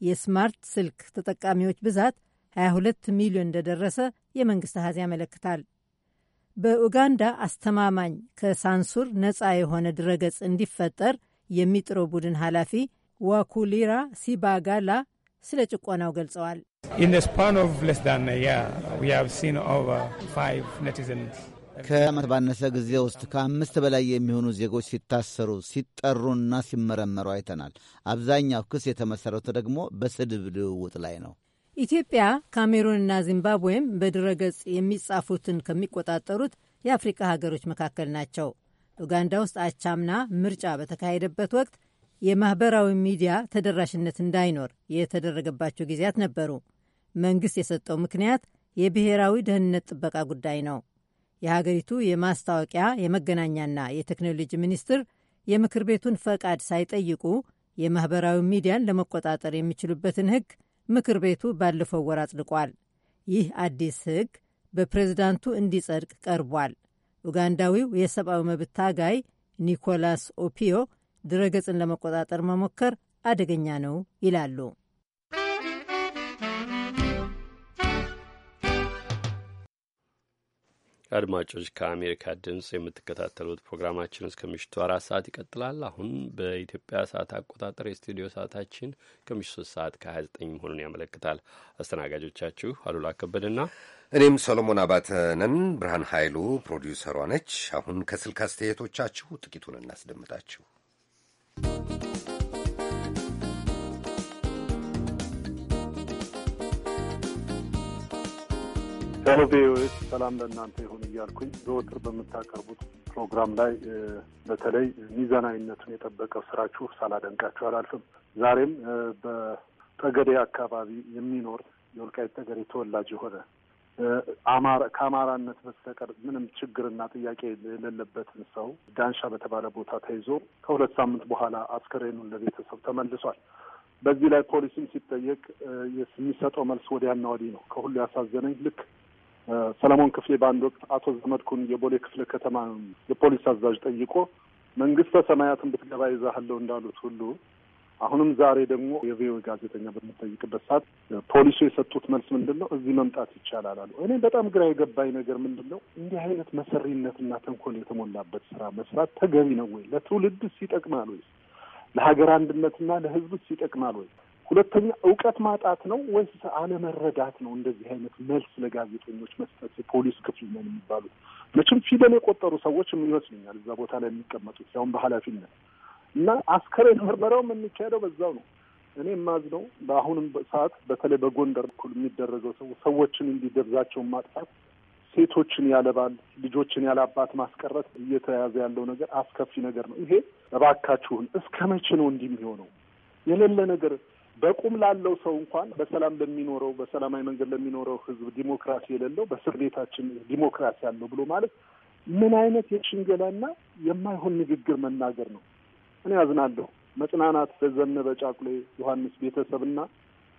የስማርት ስልክ ተጠቃሚዎች ብዛት 22 ሚሊዮን እንደደረሰ የመንግሥት አሃዝ ያመለክታል። በኡጋንዳ አስተማማኝ ከሳንሱር ነፃ የሆነ ድረገጽ እንዲፈጠር የሚጥረው ቡድን ኃላፊ ዋኩሊራ ሲባጋላ ስለ ጭቆናው ገልጸዋል። ከዓመት ባነሰ ጊዜ ውስጥ ከአምስት በላይ የሚሆኑ ዜጎች ሲታሰሩ ሲጠሩና ሲመረመሩ አይተናል። አብዛኛው ክስ የተመሠረተ ደግሞ በስድብ ልውውጥ ላይ ነው። ኢትዮጵያ ካሜሩንና ዚምባብዌም በድረገጽ የሚጻፉትን ከሚቆጣጠሩት የአፍሪቃ ሀገሮች መካከል ናቸው። ኡጋንዳ ውስጥ አቻምና ምርጫ በተካሄደበት ወቅት የማኅበራዊ ሚዲያ ተደራሽነት እንዳይኖር የተደረገባቸው ጊዜያት ነበሩ። መንግሥት የሰጠው ምክንያት የብሔራዊ ደህንነት ጥበቃ ጉዳይ ነው። የሀገሪቱ የማስታወቂያ የመገናኛና የቴክኖሎጂ ሚኒስትር የምክር ቤቱን ፈቃድ ሳይጠይቁ የማኅበራዊ ሚዲያን ለመቆጣጠር የሚችሉበትን ሕግ ምክር ቤቱ ባለፈው ወር አጽድቋል። ይህ አዲስ ሕግ በፕሬዝዳንቱ እንዲጸድቅ ቀርቧል። ኡጋንዳዊው የሰብአዊ መብት ታጋይ ኒኮላስ ኦፒዮ ድረገጽን ለመቆጣጠር መሞከር አደገኛ ነው ይላሉ። አድማጮች ከአሜሪካ ድምፅ የምትከታተሉት ፕሮግራማችን እስከ ምሽቱ አራት ሰዓት ይቀጥላል። አሁን በኢትዮጵያ ሰዓት አቆጣጠር የስቱዲዮ ሰዓታችን ከምሽቱ ሶስት ሰዓት ከሀያ ዘጠኝ መሆኑን ያመለክታል። አስተናጋጆቻችሁ አሉላ ከበደና እኔም ሰሎሞን አባተነን። ብርሃን ኃይሉ ፕሮዲውሰሯ ነች። አሁን ከስልክ አስተያየቶቻችሁ ጥቂቱን እናስደምጣችሁ። ሄሎ ቪኦኤ፣ ሰላም ለእናንተ ይሁን እያልኩኝ ዘወትር በምታቀርቡት ፕሮግራም ላይ በተለይ ሚዛናዊነቱን የጠበቀ ስራችሁ ሳላደንቃችሁ አላልፍም። ዛሬም በጠገዴ አካባቢ የሚኖር የወልቃይት ጠገዴ ተወላጅ የሆነ ከአማራነት በስተቀር ምንም ችግርና ጥያቄ የሌለበትን ሰው ዳንሻ በተባለ ቦታ ተይዞ ከሁለት ሳምንት በኋላ አስከሬኑን ለቤተሰብ ተመልሷል። በዚህ ላይ ፖሊስም ሲጠየቅ የሚሰጠው መልስ ወዲያና ወዲህ ነው። ከሁሉ ያሳዘነኝ ልክ ሰለሞን ክፍሌ በአንድ ወቅት አቶ ዘመድኩን የቦሌ ክፍለ ከተማ የፖሊስ አዛዥ ጠይቆ መንግስተ ሰማያትን ብትገባ ይዛሃለሁ እንዳሉት ሁሉ አሁንም ዛሬ ደግሞ የቪኦኤ ጋዜጠኛ በምጠይቅበት ሰዓት ፖሊሱ የሰጡት መልስ ምንድን ነው? እዚህ መምጣት ይቻላል አሉ። እኔ በጣም ግራ የገባኝ ነገር ምንድን ነው? እንዲህ አይነት መሰሪነትና ተንኮል የተሞላበት ስራ መስራት ተገቢ ነው ወይ? ለትውልድስ ይጠቅማል ወይ? ለሀገር አንድነትና ለሕዝብስ ይጠቅማል ወይ? ሁለተኛ እውቀት ማጣት ነው ወይስ አለመረዳት ነው? እንደዚህ አይነት መልስ ለጋዜጠኞች መስጠት የፖሊስ ክፍል ነው የሚባሉት መቼም ፊደል የቆጠሩ ሰዎች ይመስለኛል እዛ ቦታ ላይ የሚቀመጡት ያሁን በኃላፊነት እና አስከሬን ምርመራውም የሚካሄደው በዛው ነው። እኔ የማዝነው በአሁንም ሰዓት በተለይ በጎንደር በኩል የሚደረገው ሰው ሰዎችን እንዲደብዛቸውን ማጥፋት፣ ሴቶችን ያለባል ልጆችን ያለ ማስቀረት እየተያዘ ያለው ነገር አስከፊ ነገር ነው። ይሄ እባካችሁን እስከ መቼ ነው እንዲህ የሚሆነው? የሌለ ነገር በቁም ላለው ሰው እንኳን በሰላም ለሚኖረው በሰላማዊ መንገድ ለሚኖረው ህዝብ ዲሞክራሲ የሌለው በእስር ቤታችን ዲሞክራሲ አለው ብሎ ማለት ምን አይነት የሽንገላና የማይሆን ንግግር መናገር ነው? እኔ አዝናለሁ መጽናናት ለዘነበ ጫቁሌ ዮሐንስ ቤተሰብና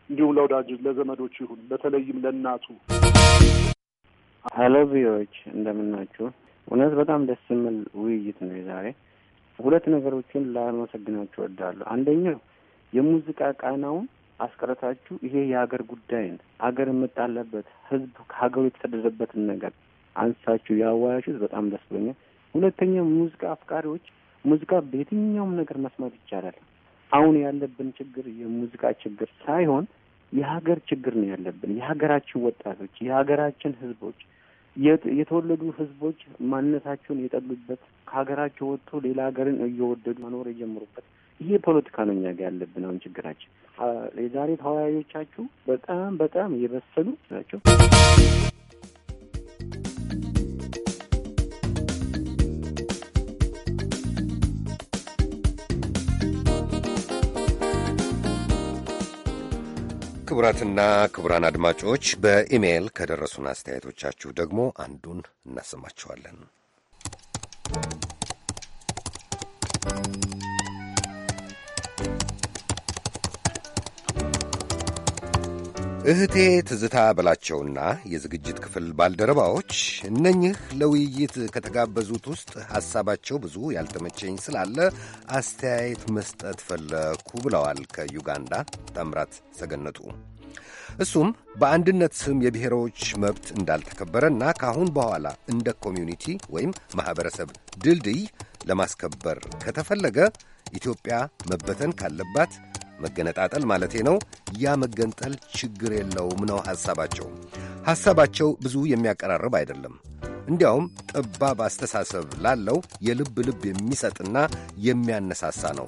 እንዲሁም ለወዳጅ ለዘመዶቹ ይሁን፣ በተለይም ለእናቱ። ሀሎ ቪዎች እንደምናችሁ። እውነት በጣም ደስ የሚል ውይይት ነው የዛሬ። ሁለት ነገሮችን ላመሰግናችሁ እወዳለሁ። አንደኛው የሙዚቃ ቃናውን አስቀረታችሁ። ይሄ የሀገር ጉዳይን ሀገር የምጣለበት ህዝብ ከሀገሩ የተሰደደበትን ነገር አንሳችሁ ያዋያችሁት በጣም ደስ ብሎኛል። ሁለተኛ ሙዚቃ አፍቃሪዎች ሙዚቃ በየትኛውም ነገር መስማት ይቻላል። አሁን ያለብን ችግር የሙዚቃ ችግር ሳይሆን የሀገር ችግር ነው ያለብን። የሀገራችን ወጣቶች፣ የሀገራችን ህዝቦች፣ የተወለዱ ህዝቦች ማንነታቸውን የጠሉበት ከሀገራቸው ወጥቶ ሌላ ሀገርን እየወደዱ መኖር የጀመሩበት ይሄ ፖለቲካ ነው እኛ ጋር ያለብን አሁን ችግራችን። የዛሬ ተወያዮቻችሁ በጣም በጣም እየበሰሉ ናቸው። ክቡራትና ክቡራን አድማጮች በኢሜይል ከደረሱን አስተያየቶቻችሁ ደግሞ አንዱን እናሰማችኋለን። እህቴ ትዝታ በላቸውና የዝግጅት ክፍል ባልደረባዎች እነኚህ ለውይይት ከተጋበዙት ውስጥ ሐሳባቸው ብዙ ያልተመቸኝ ስላለ አስተያየት መስጠት ፈለኩ ብለዋል ከዩጋንዳ ታምራት ሰገነቱ። እሱም በአንድነት ስም የብሔሮች መብት እንዳልተከበረና ከአሁን በኋላ እንደ ኮሚዩኒቲ ወይም ማኅበረሰብ ድልድይ ለማስከበር ከተፈለገ ኢትዮጵያ መበተን ካለባት መገነጣጠል ማለቴ ነው። ያ መገንጠል ችግር የለውም ነው ሐሳባቸው። ሐሳባቸው ብዙ የሚያቀራርብ አይደለም። እንዲያውም ጠባብ አስተሳሰብ ላለው የልብ ልብ የሚሰጥና የሚያነሳሳ ነው።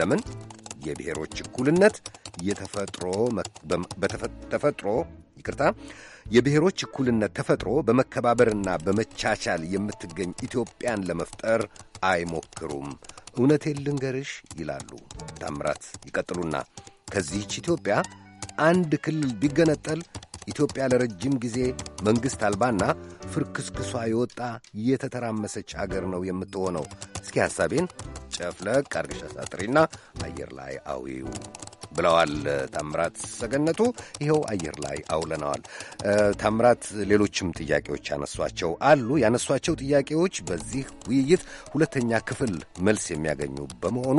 ለምን? የብሔሮች እኩልነት በተፈጥሮ ይቅርታ፣ የብሔሮች እኩልነት ተፈጥሮ በመከባበርና በመቻቻል የምትገኝ ኢትዮጵያን ለመፍጠር አይሞክሩም። እውነቴን ልንገርሽ ይላሉ ታምራት። ይቀጥሉና ከዚህች ኢትዮጵያ አንድ ክልል ቢገነጠል ኢትዮጵያ ለረጅም ጊዜ መንግሥት አልባና ፍርክስክሷ የወጣ የተተራመሰች አገር ነው የምትሆነው። እስኪ ሐሳቤን ጨፍለቅ አድርገሽ አሳጥሪና አየር ላይ አዊው ብለዋል ታምራት ሰገነቱ። ይኸው አየር ላይ አውለነዋል። ታምራት ሌሎችም ጥያቄዎች ያነሷቸው አሉ። ያነሷቸው ጥያቄዎች በዚህ ውይይት ሁለተኛ ክፍል መልስ የሚያገኙ በመሆኑ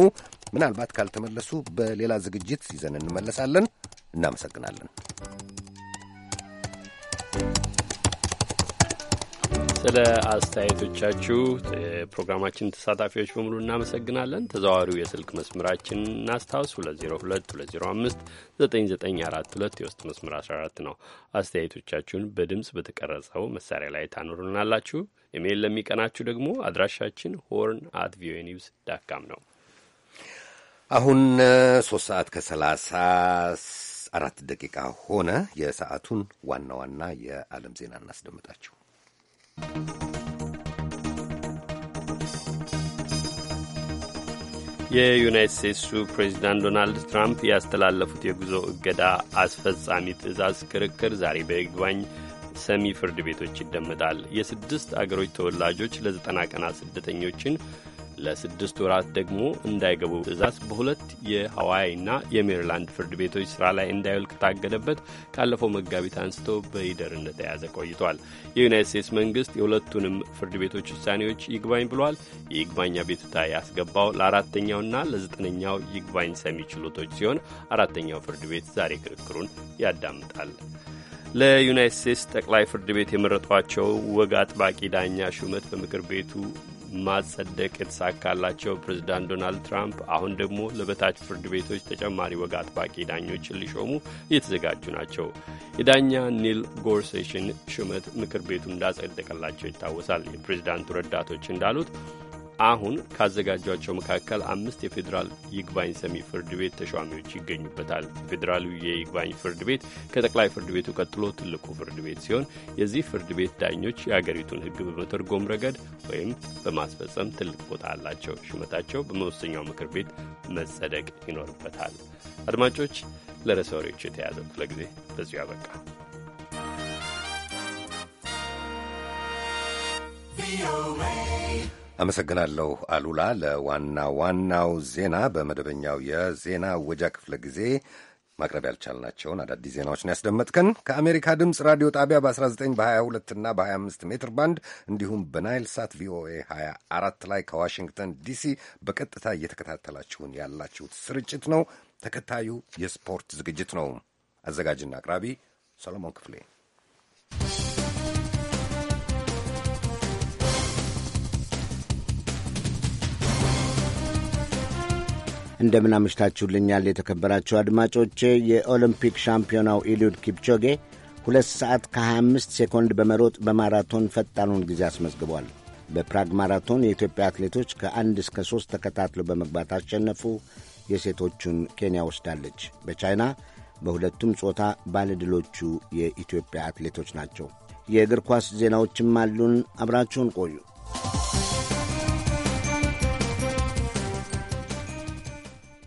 ምናልባት ካልተመለሱ በሌላ ዝግጅት ይዘን እንመለሳለን። እናመሰግናለን። ስለ አስተያየቶቻችሁ የፕሮግራማችን ተሳታፊዎች በሙሉ እናመሰግናለን። ተዘዋዋሪው የስልክ መስመራችን እናስታውስ፣ 202 205 የውስጥ መስመር 14 ነው። አስተያየቶቻችሁን በድምፅ በተቀረጸው መሳሪያ ላይ ታኖሩናላችሁ። ኢሜይል ለሚቀናችሁ ደግሞ አድራሻችን ሆርን አት ቪኦኤ ኒውስ ዳት ነው። አሁን ሶስት ሰዓት ከሰላሳ አራት ደቂቃ ሆነ። የሰዓቱን ዋና ዋና የዓለም ዜና እናስደምጣችሁ። የዩናይት ስቴትሱ ፕሬዚዳንት ዶናልድ ትራምፕ ያስተላለፉት የጉዞ እገዳ አስፈጻሚ ትዕዛዝ ክርክር ዛሬ በይግባኝ ሰሚ ፍርድ ቤቶች ይደመጣል። የስድስት አገሮች ተወላጆች ለዘጠና ቀናት ስደተኞችን ለስድስት ወራት ደግሞ እንዳይገቡ ትዕዛዝ በሁለት የሐዋይና የሜሪላንድ ፍርድ ቤቶች ስራ ላይ እንዳይውል ከታገደበት ካለፈው መጋቢት አንስቶ በይደር እንደተያዘ ቆይቷል። የዩናይት ስቴትስ መንግስት የሁለቱንም ፍርድ ቤቶች ውሳኔዎች ይግባኝ ብሏል። የይግባኝ አቤቱታ ያስገባው ለአራተኛውና ለዘጠነኛው ይግባኝ ሰሚ ችሎቶች ሲሆን አራተኛው ፍርድ ቤት ዛሬ ክርክሩን ያዳምጣል። ለዩናይት ስቴትስ ጠቅላይ ፍርድ ቤት የመረጧቸው ወግ አጥባቂ ዳኛ ሹመት በምክር ቤቱ ማጸደቅ የተሳካላቸው ፕሬዚዳንት ዶናልድ ትራምፕ አሁን ደግሞ ለበታች ፍርድ ቤቶች ተጨማሪ ወግ አጥባቂ ዳኞችን ሊሾሙ እየተዘጋጁ ናቸው። የዳኛ ኒል ጎርሴሽን ሹመት ምክር ቤቱ እንዳጸደቀላቸው ይታወሳል። የፕሬዚዳንቱ ረዳቶች እንዳሉት አሁን ካዘጋጇቸው መካከል አምስት የፌዴራል ይግባኝ ሰሚ ፍርድ ቤት ተሿሚዎች ይገኙበታል። የፌዴራሉ የይግባኝ ፍርድ ቤት ከጠቅላይ ፍርድ ቤቱ ቀጥሎ ትልቁ ፍርድ ቤት ሲሆን የዚህ ፍርድ ቤት ዳኞች የአገሪቱን ሕግ በመተርጎም ረገድ ወይም በማስፈጸም ትልቅ ቦታ አላቸው። ሹመታቸው በመወሰኛው ምክር ቤት መጸደቅ ይኖርበታል። አድማጮች፣ ለርዕሰ ወሬዎች የተያዘው ክፍለ ጊዜ በዚሁ ያበቃ። አመሰግናለሁ አሉላ። ለዋና ዋናው ዜና በመደበኛው የዜና ወጃ ክፍለ ጊዜ ማቅረብ ያልቻልናቸውን አዳዲስ ዜናዎችን ያስደመጥከን ከአሜሪካ ድምፅ ራዲዮ ጣቢያ በ19 በ22 እና በ25 ሜትር ባንድ እንዲሁም በናይል ሳት ቪኦኤ 24 ላይ ከዋሽንግተን ዲሲ በቀጥታ እየተከታተላችሁን ያላችሁት ስርጭት ነው። ተከታዩ የስፖርት ዝግጅት ነው። አዘጋጅና አቅራቢ ሰሎሞን ክፍሌ እንደምን አምሽታችሁልኛል የተከበራችሁ አድማጮቼ። የኦሎምፒክ ሻምፒዮናው ኢልዩድ ኪፕቾጌ ሁለት ሰዓት ከ25 ሴኮንድ በመሮጥ በማራቶን ፈጣኑን ጊዜ አስመዝግቧል። በፕራግ ማራቶን የኢትዮጵያ አትሌቶች ከአንድ እስከ ሦስት ተከታትለው በመግባት አሸነፉ። የሴቶቹን ኬንያ ወስዳለች። በቻይና በሁለቱም ጾታ ባለድሎቹ የኢትዮጵያ አትሌቶች ናቸው። የእግር ኳስ ዜናዎችም አሉን። አብራችሁን ቆዩ።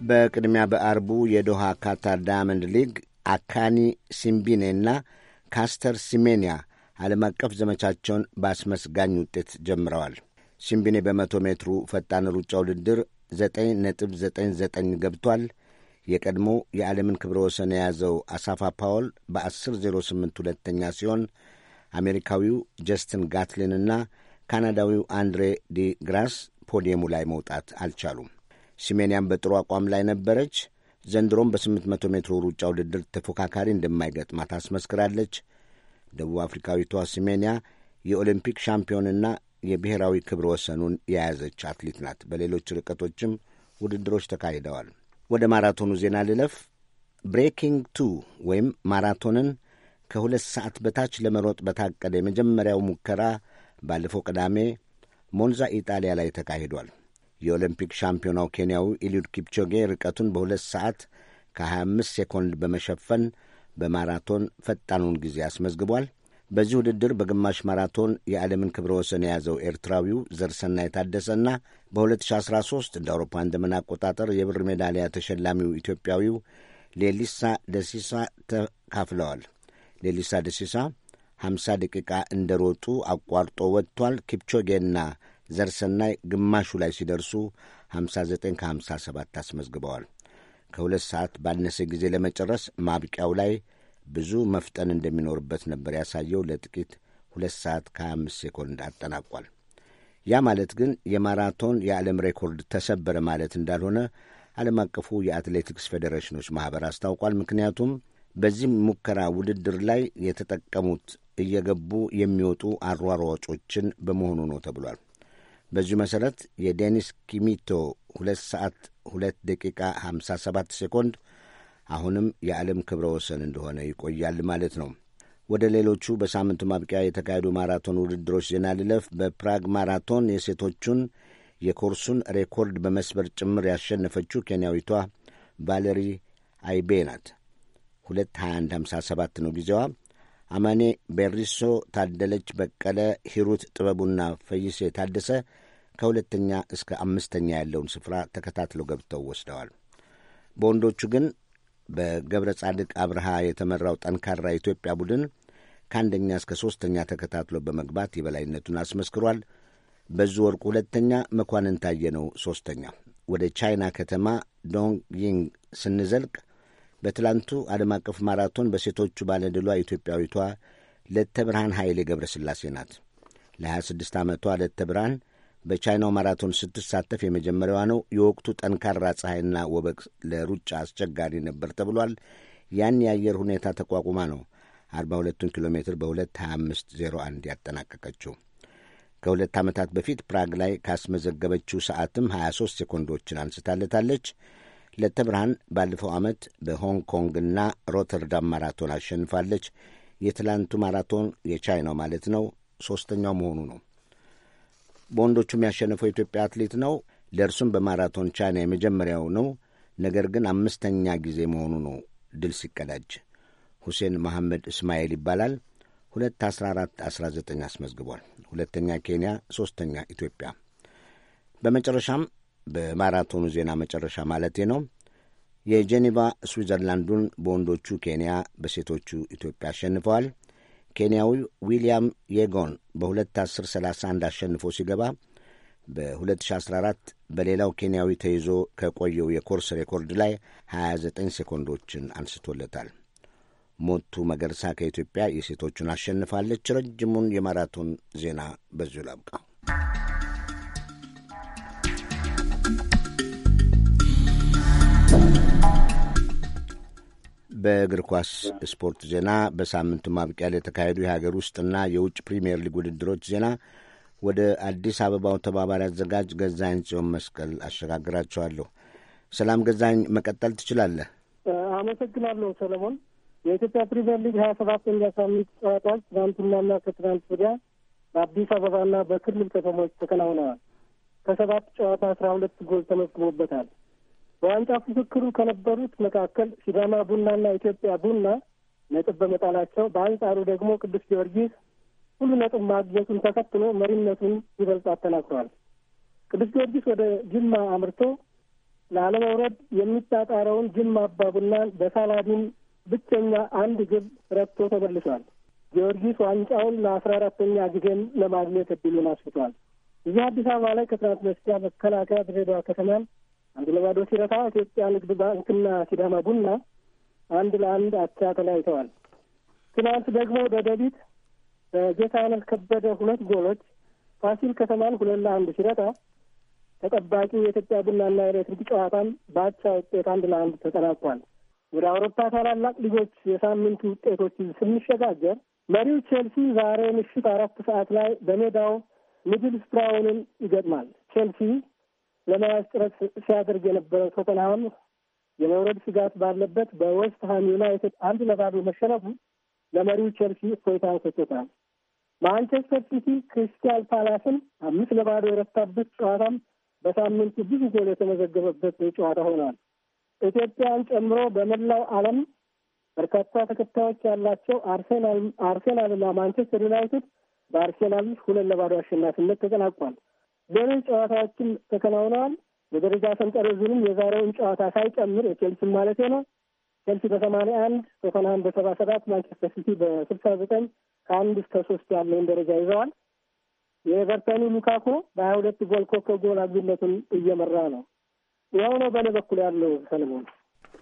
በቅድሚያ በአርቡ የዶሃ ካታር ዳያመንድ ሊግ አካኒ ሲምቢኔና ካስተር ሲሜንያ ዓለም አቀፍ ዘመቻቸውን በአስመስጋኝ ውጤት ጀምረዋል። ሲምቢኔ በመቶ ሜትሩ ፈጣን ሩጫ ውድድር 9.99 ገብቷል። የቀድሞ የዓለምን ክብረ ወሰን የያዘው አሳፋ ፓወል በ10.08 ሁለተኛ ሲሆን አሜሪካዊው ጀስትን ጋትሊንና ካናዳዊው አንድሬ ዲ ግራስ ፖዲየሙ ላይ መውጣት አልቻሉም። ሲሜንያም በጥሩ አቋም ላይ ነበረች። ዘንድሮም በ800 ሜትር ሩጫ ውድድር ተፎካካሪ እንደማይገጥማት አስመስክራለች። ደቡብ አፍሪካዊቷ ሲሜንያ የኦሊምፒክ ሻምፒዮንና የብሔራዊ ክብረ ወሰኑን የያዘች አትሌት ናት። በሌሎች ርቀቶችም ውድድሮች ተካሂደዋል። ወደ ማራቶኑ ዜና ልለፍ። ብሬኪንግ ቱ ወይም ማራቶንን ከሁለት ሰዓት በታች ለመሮጥ በታቀደ የመጀመሪያው ሙከራ ባለፈው ቅዳሜ ሞንዛ ኢጣሊያ ላይ ተካሂዷል። የኦሎምፒክ ሻምፒዮናው ኬንያዊ ኢሊዩድ ኪፕቾጌ ርቀቱን በሁለት ሰዓት ከ25 ሴኮንድ በመሸፈን በማራቶን ፈጣኑን ጊዜ አስመዝግቧል። በዚህ ውድድር በግማሽ ማራቶን የዓለምን ክብረ ወሰን የያዘው ኤርትራዊው ዘርሰና የታደሰና በ2013 እንደ አውሮፓውያን ዘመን አቆጣጠር የብር ሜዳሊያ ተሸላሚው ኢትዮጵያዊው ሌሊሳ ደሲሳ ተካፍለዋል። ሌሊሳ ደሲሳ 50 ደቂቃ እንደ ሮጡ አቋርጦ ወጥቷል። ኪፕቾጌና ዘርሰናይ ግማሹ ላይ ሲደርሱ 59 ከ57 አስመዝግበዋል። ከሁለት ሰዓት ባነሰ ጊዜ ለመጨረስ ማብቂያው ላይ ብዙ መፍጠን እንደሚኖርበት ነበር ያሳየው። ለጥቂት ሁለት ሰዓት ከ25 ሴኮንድ አጠናቋል። ያ ማለት ግን የማራቶን የዓለም ሬኮርድ ተሰበረ ማለት እንዳልሆነ ዓለም አቀፉ የአትሌቲክስ ፌዴሬሽኖች ማኅበር አስታውቋል። ምክንያቱም በዚህ ሙከራ ውድድር ላይ የተጠቀሙት እየገቡ የሚወጡ አሯሯጮችን በመሆኑ ነው ተብሏል። በዚሁ መሠረት የዴኒስ ኪሚቶ ሁለት ሰዓት ሁለት ደቂቃ 57 ሴኮንድ አሁንም የዓለም ክብረ ወሰን እንደሆነ ይቆያል ማለት ነው። ወደ ሌሎቹ በሳምንቱ ማብቂያ የተካሄዱ ማራቶን ውድድሮች ዜና ልለፍ። በፕራግ ማራቶን የሴቶቹን የኮርሱን ሬኮርድ በመስበር ጭምር ያሸነፈችው ኬንያዊቷ ቫሌሪ አይቤ ናት። 22157 ነው ጊዜዋ። አማኔ ቤሪሶ፣ ታደለች በቀለ፣ ሂሩት ጥበቡና ፈይሴ ታደሰ ከሁለተኛ እስከ አምስተኛ ያለውን ስፍራ ተከታትለው ገብተው ወስደዋል። በወንዶቹ ግን በገብረ ጻድቅ አብርሃ የተመራው ጠንካራ የኢትዮጵያ ቡድን ከአንደኛ እስከ ሦስተኛ ተከታትሎ በመግባት የበላይነቱን አስመስክሯል። በዙ ወርቁ ሁለተኛ፣ መኳንን ታየነው ሦስተኛ። ወደ ቻይና ከተማ ዶንግ ይንግ ስንዘልቅ በትላንቱ ዓለም አቀፍ ማራቶን በሴቶቹ ባለድሏ ኢትዮጵያዊቷ ለተ ብርሃን ኃይሌ ገብረ ሥላሴ ናት። ለ26 ዓመቷ ለተ ብርሃን በቻይናው ማራቶን ስትሳተፍ የመጀመሪያዋ ነው። የወቅቱ ጠንካራ ፀሐይና ወበቅ ለሩጫ አስቸጋሪ ነበር ተብሏል። ያን የአየር ሁኔታ ተቋቁማ ነው 42ቱን ኪሎ ሜትር በ2፡25፡01 ያጠናቀቀችው። ከሁለት ዓመታት በፊት ፕራግ ላይ ካስመዘገበችው ሰዓትም 23 ሴኮንዶችን አንስታለታለች። ለተብርሃን ባለፈው ዓመት በሆንግ ኮንግና ሮተርዳም ማራቶን አሸንፋለች። የትላንቱ ማራቶን የቻይናው ማለት ነው ሦስተኛው መሆኑ ነው። በወንዶቹም ያሸነፈው የኢትዮጵያ አትሌት ነው። ለእርሱም በማራቶን ቻይና የመጀመሪያው ነው። ነገር ግን አምስተኛ ጊዜ መሆኑ ነው ድል ሲቀዳጅ። ሁሴን መሐመድ እስማኤል ይባላል። ሁለት አስራ ዘጠኝ አስመዝግቧል። ሁለተኛ ኬንያ፣ ሦስተኛ ኢትዮጵያ። በመጨረሻም በማራቶኑ ዜና መጨረሻ ማለቴ ነው የጄኔቫ ስዊዘርላንዱን በወንዶቹ ኬንያ፣ በሴቶቹ ኢትዮጵያ አሸንፈዋል። ኬንያዊው ዊልያም የጎን በ 2131 አሸንፎ ሲገባ በ2014 በሌላው ኬንያዊ ተይዞ ከቆየው የኮርስ ሬኮርድ ላይ 29 ሴኮንዶችን አንስቶለታል። ሞቱ መገርሳ ከኢትዮጵያ የሴቶቹን አሸንፋለች። ረጅሙን የማራቶን ዜና በዚሁ ላብቃ። በእግር ኳስ ስፖርት ዜና በሳምንቱ ማብቂያ ላይ የተካሄዱ የሀገር ውስጥና የውጭ ፕሪምየር ሊግ ውድድሮች ዜና ወደ አዲስ አበባው ተባባሪ አዘጋጅ ገዛኝ ጽዮን መስቀል አሸጋግራቸዋለሁ። ሰላም ገዛኝ፣ መቀጠል ትችላለህ። አመሰግናለሁ ሰለሞን። የኢትዮጵያ ፕሪምየር ሊግ ሀያ ሰባተኛ ሳምንት ጨዋታዎች ትናንትናና ከትናንት ወዲያ በአዲስ አበባና በክልል ከተሞች ተከናውነዋል። ከሰባት ጨዋታ አስራ ሁለት ጎል ተመዝግቦበታል። በዋንጫ ፉክክሩ ከነበሩት መካከል ሲዳማ ቡናና ኢትዮጵያ ቡና ነጥብ በመጣላቸው በአንጻሩ ደግሞ ቅዱስ ጊዮርጊስ ሁሉ ነጥብ ማግኘቱን ተከትሎ መሪነቱን ይበልጥ አጠናክሯል። ቅዱስ ጊዮርጊስ ወደ ጅማ አምርቶ ላለመውረድ የሚጣጣረውን ጅማ አባ ቡናን በሳላዲን ብቸኛ አንድ ግብ ረትቶ ተመልሷል። ጊዮርጊስ ዋንጫውን ለአስራ አራተኛ ጊዜም ለማግኘት እድሉን አስፍቷል። እዚህ አዲስ አበባ ላይ ከትናንት በስቲያ መከላከያ ድሬዳዋ ከተማን አንድ ለባዶ ሲረታ ኢትዮጵያ ንግድ ባንክና ሲዳማ ቡና አንድ ለአንድ አቻ ተለያይተዋል። ትናንት ደግሞ በደቢት በጌታነህ ከበደ ሁለት ጎሎች ፋሲል ከተማን ሁለት ለአንድ ሲረታ ተጠባቂው የኢትዮጵያ ቡናና ኤሌክትሪክ ጨዋታም በአቻ ውጤት አንድ ለአንድ ተጠናቋል። ወደ አውሮፓ ታላላቅ ልጆች የሳምንቱ ውጤቶች ስንሸጋገር መሪው ቼልሲ ዛሬ ምሽት አራት ሰዓት ላይ በሜዳው ሚድልስብራውንን ይገጥማል። ቼልሲ ለመያዝ ጥረት ሲያደርግ የነበረው ቶተንሃም የመውረድ ስጋት ባለበት በወስት ዩናይትድ አንድ ለባዶ መሸነፉ ለመሪው ቸልሲ እፎይታን ሰጥቶታል። ማንቸስተር ሲቲ ክሪስታል ፓላስን አምስት ለባዶ የረታበት ጨዋታም በሳምንቱ ብዙ ጎል የተመዘገበበት ጨዋታ ሆኗል። ኢትዮጵያን ጨምሮ በመላው ዓለም በርካታ ተከታዮች ያላቸው አርሴናል አርሴናልና ማንቸስተር ዩናይትድ በአርሴናል ሁለት ለባዶ አሸናፊነት ተጠናቋል። ሌሎች ጨዋታዎችም ተከናውነዋል። የደረጃ ሰንጠረዡንም የዛሬውን ጨዋታ ሳይጨምር የቼልሲን ማለት ነው ቼልሲ በሰማንያ አንድ ቶተንሃም በሰባ ሰባት ማንቸስተር ሲቲ በስልሳ ዘጠኝ ከአንድ እስከ ሶስት ያለውን ደረጃ ይዘዋል። የኤቨርተኑ ሉካኮ በሀያ ሁለት ጎል ኮከብ ጎል አግቢነቱን እየመራ ነው። ያው ነው በእኔ በኩል ያለው ሰለሞን።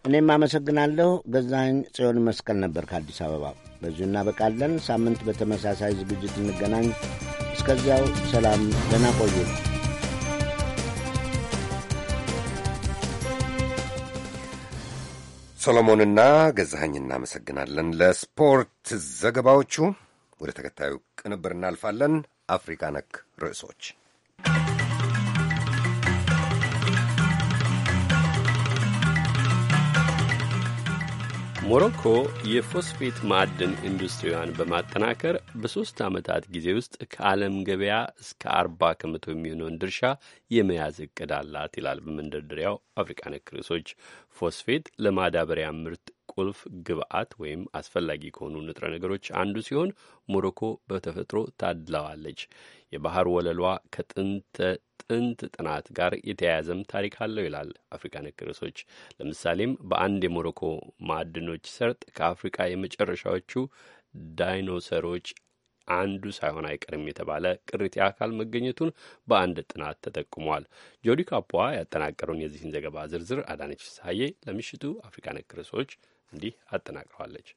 እኔም አመሰግናለሁ። ገዛኝ ጽዮን መስቀል ነበር ከአዲስ አበባ። በዚሁ እናበቃለን። ሳምንት በተመሳሳይ ዝግጅት እንገናኝ። እስከዚያው ሰላም፣ ደህና ቆዩ። ሰሎሞንና ገዛኸኝ እናመሰግናለን ለስፖርት ዘገባዎቹ። ወደ ተከታዩ ቅንብር እናልፋለን። አፍሪካ ነክ ርዕሶች ሞሮኮ የፎስፌት ማዕድን ኢንዱስትሪዋን በማጠናከር በሦስት ዓመታት ጊዜ ውስጥ ከዓለም ገበያ እስከ አርባ ከመቶ የሚሆነውን ድርሻ የመያዝ እቅድ አላት ይላል በመንደርደሪያው አፍሪቃ ነክ ርዕሶች። ፎስፌት ለማዳበሪያ ምርት ቁልፍ ግብአት ወይም አስፈላጊ ከሆኑ ንጥረ ነገሮች አንዱ ሲሆን ሞሮኮ በተፈጥሮ ታድለዋለች። የባህር ወለሏ ከጥንት ጥንት ጥናት ጋር የተያያዘም ታሪክ አለው ይላል አፍሪካ ነክ ርዕሶች። ለምሳሌም በአንድ የሞሮኮ ማዕድኖች ሰርጥ ከአፍሪካ የመጨረሻዎቹ ዳይኖሰሮች አንዱ ሳይሆን አይቀርም የተባለ ቅሪት አካል መገኘቱን በአንድ ጥናት ተጠቁሟል። ጆዲ ካፖ ያጠናቀረውን የዚህን ዘገባ ዝርዝር አዳነች ሳዬ ለምሽቱ አፍሪካ ነክ ርዕሶች እንዲህ አጠናቅረዋለች።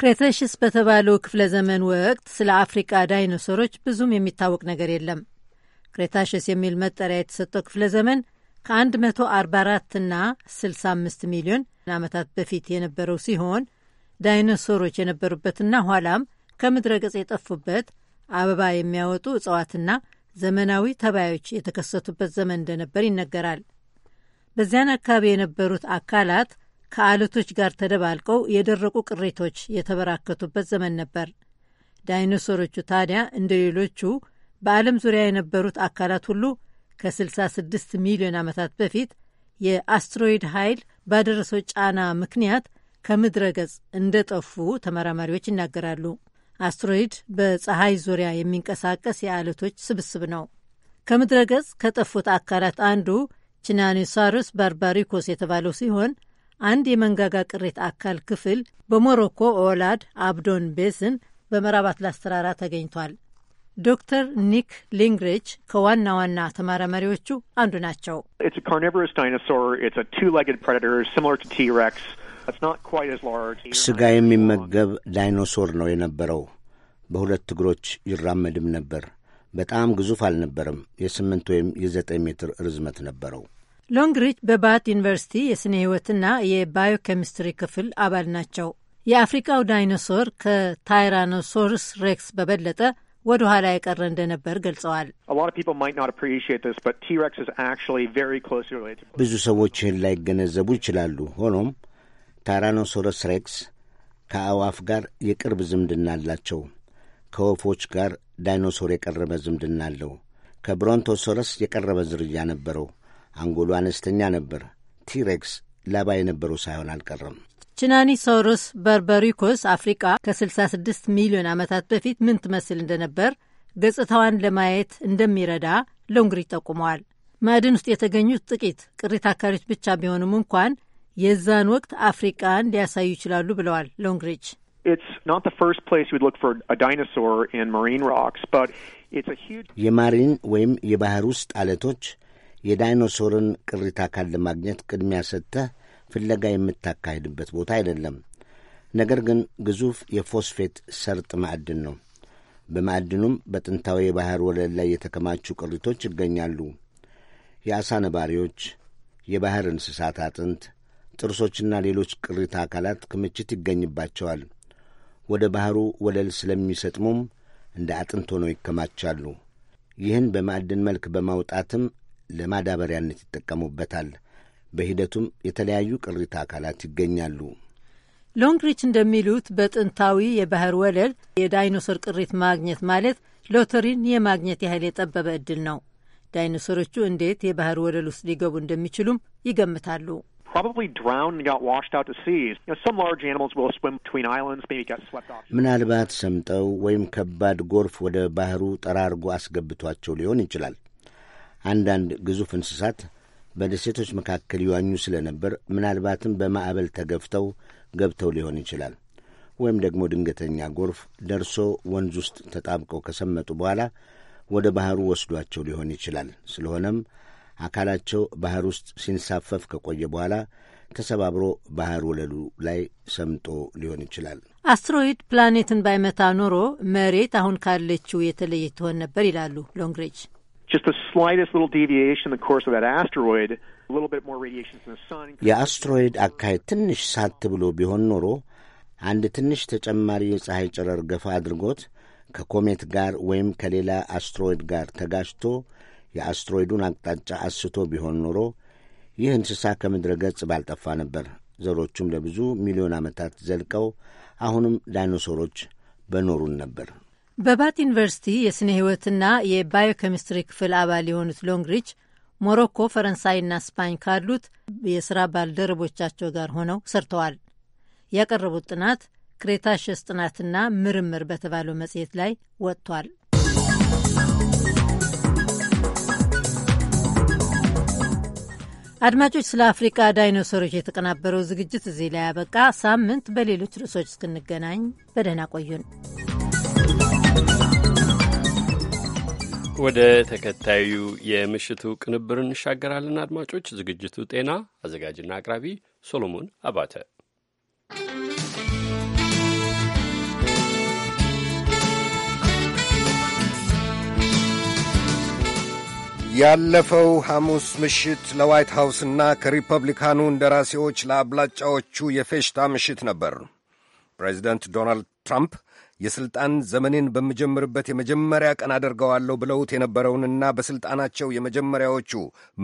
ክሬተሽስ በተባለው ክፍለ ዘመን ወቅት ስለ አፍሪቃ ዳይኖሰሮች ብዙም የሚታወቅ ነገር የለም። ክሬታሽስ የሚል መጠሪያ የተሰጠው ክፍለ ዘመን ከ144 ና 65 ሚሊዮን ዓመታት በፊት የነበረው ሲሆን ዳይኖሶሮች የነበሩበትና ኋላም ከምድረ ገጽ የጠፉበት አበባ የሚያወጡ እጽዋትና ዘመናዊ ተባዮች የተከሰቱበት ዘመን እንደነበር ይነገራል። በዚያን አካባቢ የነበሩት አካላት ከአለቶች ጋር ተደባልቀው የደረቁ ቅሪቶች የተበራከቱበት ዘመን ነበር። ዳይኖሰሮቹ ታዲያ እንደ ሌሎቹ በዓለም ዙሪያ የነበሩት አካላት ሁሉ ከ66 ሚሊዮን ዓመታት በፊት የአስትሮይድ ኃይል ባደረሰው ጫና ምክንያት ከምድረ ገጽ እንደ ጠፉ ተመራማሪዎች ይናገራሉ። አስትሮይድ በፀሐይ ዙሪያ የሚንቀሳቀስ የአለቶች ስብስብ ነው። ከምድረ ገጽ ከጠፉት አካላት አንዱ ቺናኒሳሩስ ባርባሪኮስ የተባለው ሲሆን አንድ የመንጋጋ ቅሪት አካል ክፍል በሞሮኮ ኦላድ አብዶን ቤዝን በምዕራብ አትላስ ተራራ ተገኝቷል። ዶክተር ኒክ ሊንግሬች ከዋና ዋና ተመራማሪዎቹ አንዱ ናቸው። ስጋ የሚመገብ ዳይኖሶር ነው የነበረው። በሁለት እግሮች ይራመድም ነበር። በጣም ግዙፍ አልነበረም። የስምንት ወይም የዘጠኝ ሜትር ርዝመት ነበረው። ሎንግሪች በባት ዩኒቨርሲቲ የስነ ህይወትና የባዮኬሚስትሪ ክፍል አባል ናቸው። የአፍሪቃው ዳይኖሶር ከታይራኖሶርስ ሬክስ በበለጠ ወደ ኋላ የቀረ እንደነበር ገልጸዋል። ብዙ ሰዎች ይህን ላይገነዘቡ ይችላሉ። ሆኖም ታይራኖሶረስ ሬክስ ከአዋፍ ጋር የቅርብ ዝምድና አላቸው። ከወፎች ጋር ዳይኖሶር የቀረበ ዝምድና አለው። ከብሮንቶሶረስ የቀረበ ዝርያ ነበረው። አንጎሉ አነስተኛ ነበር። ቲሬክስ ላባ የነበረው ሳይሆን አልቀረም። ችናኒ ሶሮስ በርበሪኮስ አፍሪቃ ከ66 ሚሊዮን ዓመታት በፊት ምን ትመስል እንደነበር ገጽታዋን ለማየት እንደሚረዳ ሎንግሪጅ ጠቁመዋል። ማዕድን ውስጥ የተገኙት ጥቂት ቅሪት አካሎች ብቻ ቢሆኑም እንኳን የዛን ወቅት አፍሪቃን ሊያሳዩ ይችላሉ ብለዋል ሎንግሪጅ። የማሪን ወይም የባህር ውስጥ አለቶች የዳይኖሶርን ቅሪተ አካል ለማግኘት ቅድሚያ ሰጥተህ ፍለጋ የምታካሄድበት ቦታ አይደለም። ነገር ግን ግዙፍ የፎስፌት ሰርጥ ማዕድን ነው። በማዕድኑም በጥንታዊ የባሕር ወለል ላይ የተከማቹ ቅሪቶች ይገኛሉ። የአሳ ነባሪዎች፣ የባሕር እንስሳት አጥንት፣ ጥርሶችና ሌሎች ቅሪተ አካላት ክምችት ይገኝባቸዋል። ወደ ባሕሩ ወለል ስለሚሰጥሙም እንደ አጥንት ሆነው ይከማቻሉ። ይህን በማዕድን መልክ በማውጣትም ለማዳበሪያነት ይጠቀሙበታል። በሂደቱም የተለያዩ ቅሪተ አካላት ይገኛሉ። ሎንግሪች እንደሚሉት በጥንታዊ የባህር ወለል የዳይኖሰር ቅሪት ማግኘት ማለት ሎተሪን የማግኘት ያህል የጠበበ እድል ነው። ዳይኖሰሮቹ እንዴት የባህር ወለል ውስጥ ሊገቡ እንደሚችሉም ይገምታሉ። ምናልባት ሰምጠው ወይም ከባድ ጎርፍ ወደ ባህሩ ጠራርጎ አስገብቷቸው ሊሆን ይችላል። አንዳንድ ግዙፍ እንስሳት በደሴቶች መካከል ይዋኙ ስለነበር ምናልባትም በማዕበል ተገፍተው ገብተው ሊሆን ይችላል። ወይም ደግሞ ድንገተኛ ጎርፍ ደርሶ ወንዝ ውስጥ ተጣብቀው ከሰመጡ በኋላ ወደ ባህሩ ወስዷቸው ሊሆን ይችላል። ስለሆነም አካላቸው ባህር ውስጥ ሲንሳፈፍ ከቆየ በኋላ ተሰባብሮ ባህር ወለሉ ላይ ሰምጦ ሊሆን ይችላል። አስትሮይድ ፕላኔትን ባይመታ ኖሮ መሬት አሁን ካለችው የተለየ ትሆን ነበር ይላሉ ሎንግሬጅ። just the slightest little deviation in the course of that asteroid, a little bit more radiation from the sun. የአስትሮይድ አካሄድ ትንሽ ሳት ብሎ ቢሆን ኖሮ አንድ ትንሽ ተጨማሪ የፀሐይ ጨረር ገፋ አድርጎት ከኮሜት ጋር ወይም ከሌላ አስትሮይድ ጋር ተጋጭቶ የአስትሮይዱን አቅጣጫ አስቶ ቢሆን ኖሮ ይህ እንስሳ ከምድረ ገጽ ባልጠፋ ነበር። ዘሮቹም ለብዙ ሚሊዮን ዓመታት ዘልቀው አሁንም ዳይኖሶሮች በኖሩን ነበር። በባት ዩኒቨርሲቲ የሥነ ሕይወትና የባዮኬሚስትሪ ክፍል አባል የሆኑት ሎንግሪች ሞሮኮ፣ ፈረንሳይና ስፓኝ ካሉት የሥራ ባልደረቦቻቸው ጋር ሆነው ሰርተዋል። ያቀረቡት ጥናት ክሬታሸስ ጥናትና ምርምር በተባለው መጽሔት ላይ ወጥቷል። አድማጮች፣ ስለ አፍሪቃ ዳይኖሰሮች የተቀናበረው ዝግጅት እዚህ ላይ ያበቃ። ሳምንት በሌሎች ርዕሶች እስክንገናኝ በደህና ቆዩን። ወደ ተከታዩ የምሽቱ ቅንብር እንሻገራለን። አድማጮች፣ ዝግጅቱ ጤና፣ አዘጋጅና አቅራቢ ሶሎሞን አባተ። ያለፈው ሐሙስ ምሽት ለዋይት ሃውስና ከሪፐብሊካኑ እንደራሴዎች ለአብላጫዎቹ የፌሽታ ምሽት ነበር። ፕሬዚደንት ዶናልድ ትራምፕ የሥልጣን ዘመኔን በምጀምርበት የመጀመሪያ ቀን አደርገዋለሁ ብለውት የነበረውንና በሥልጣናቸው የመጀመሪያዎቹ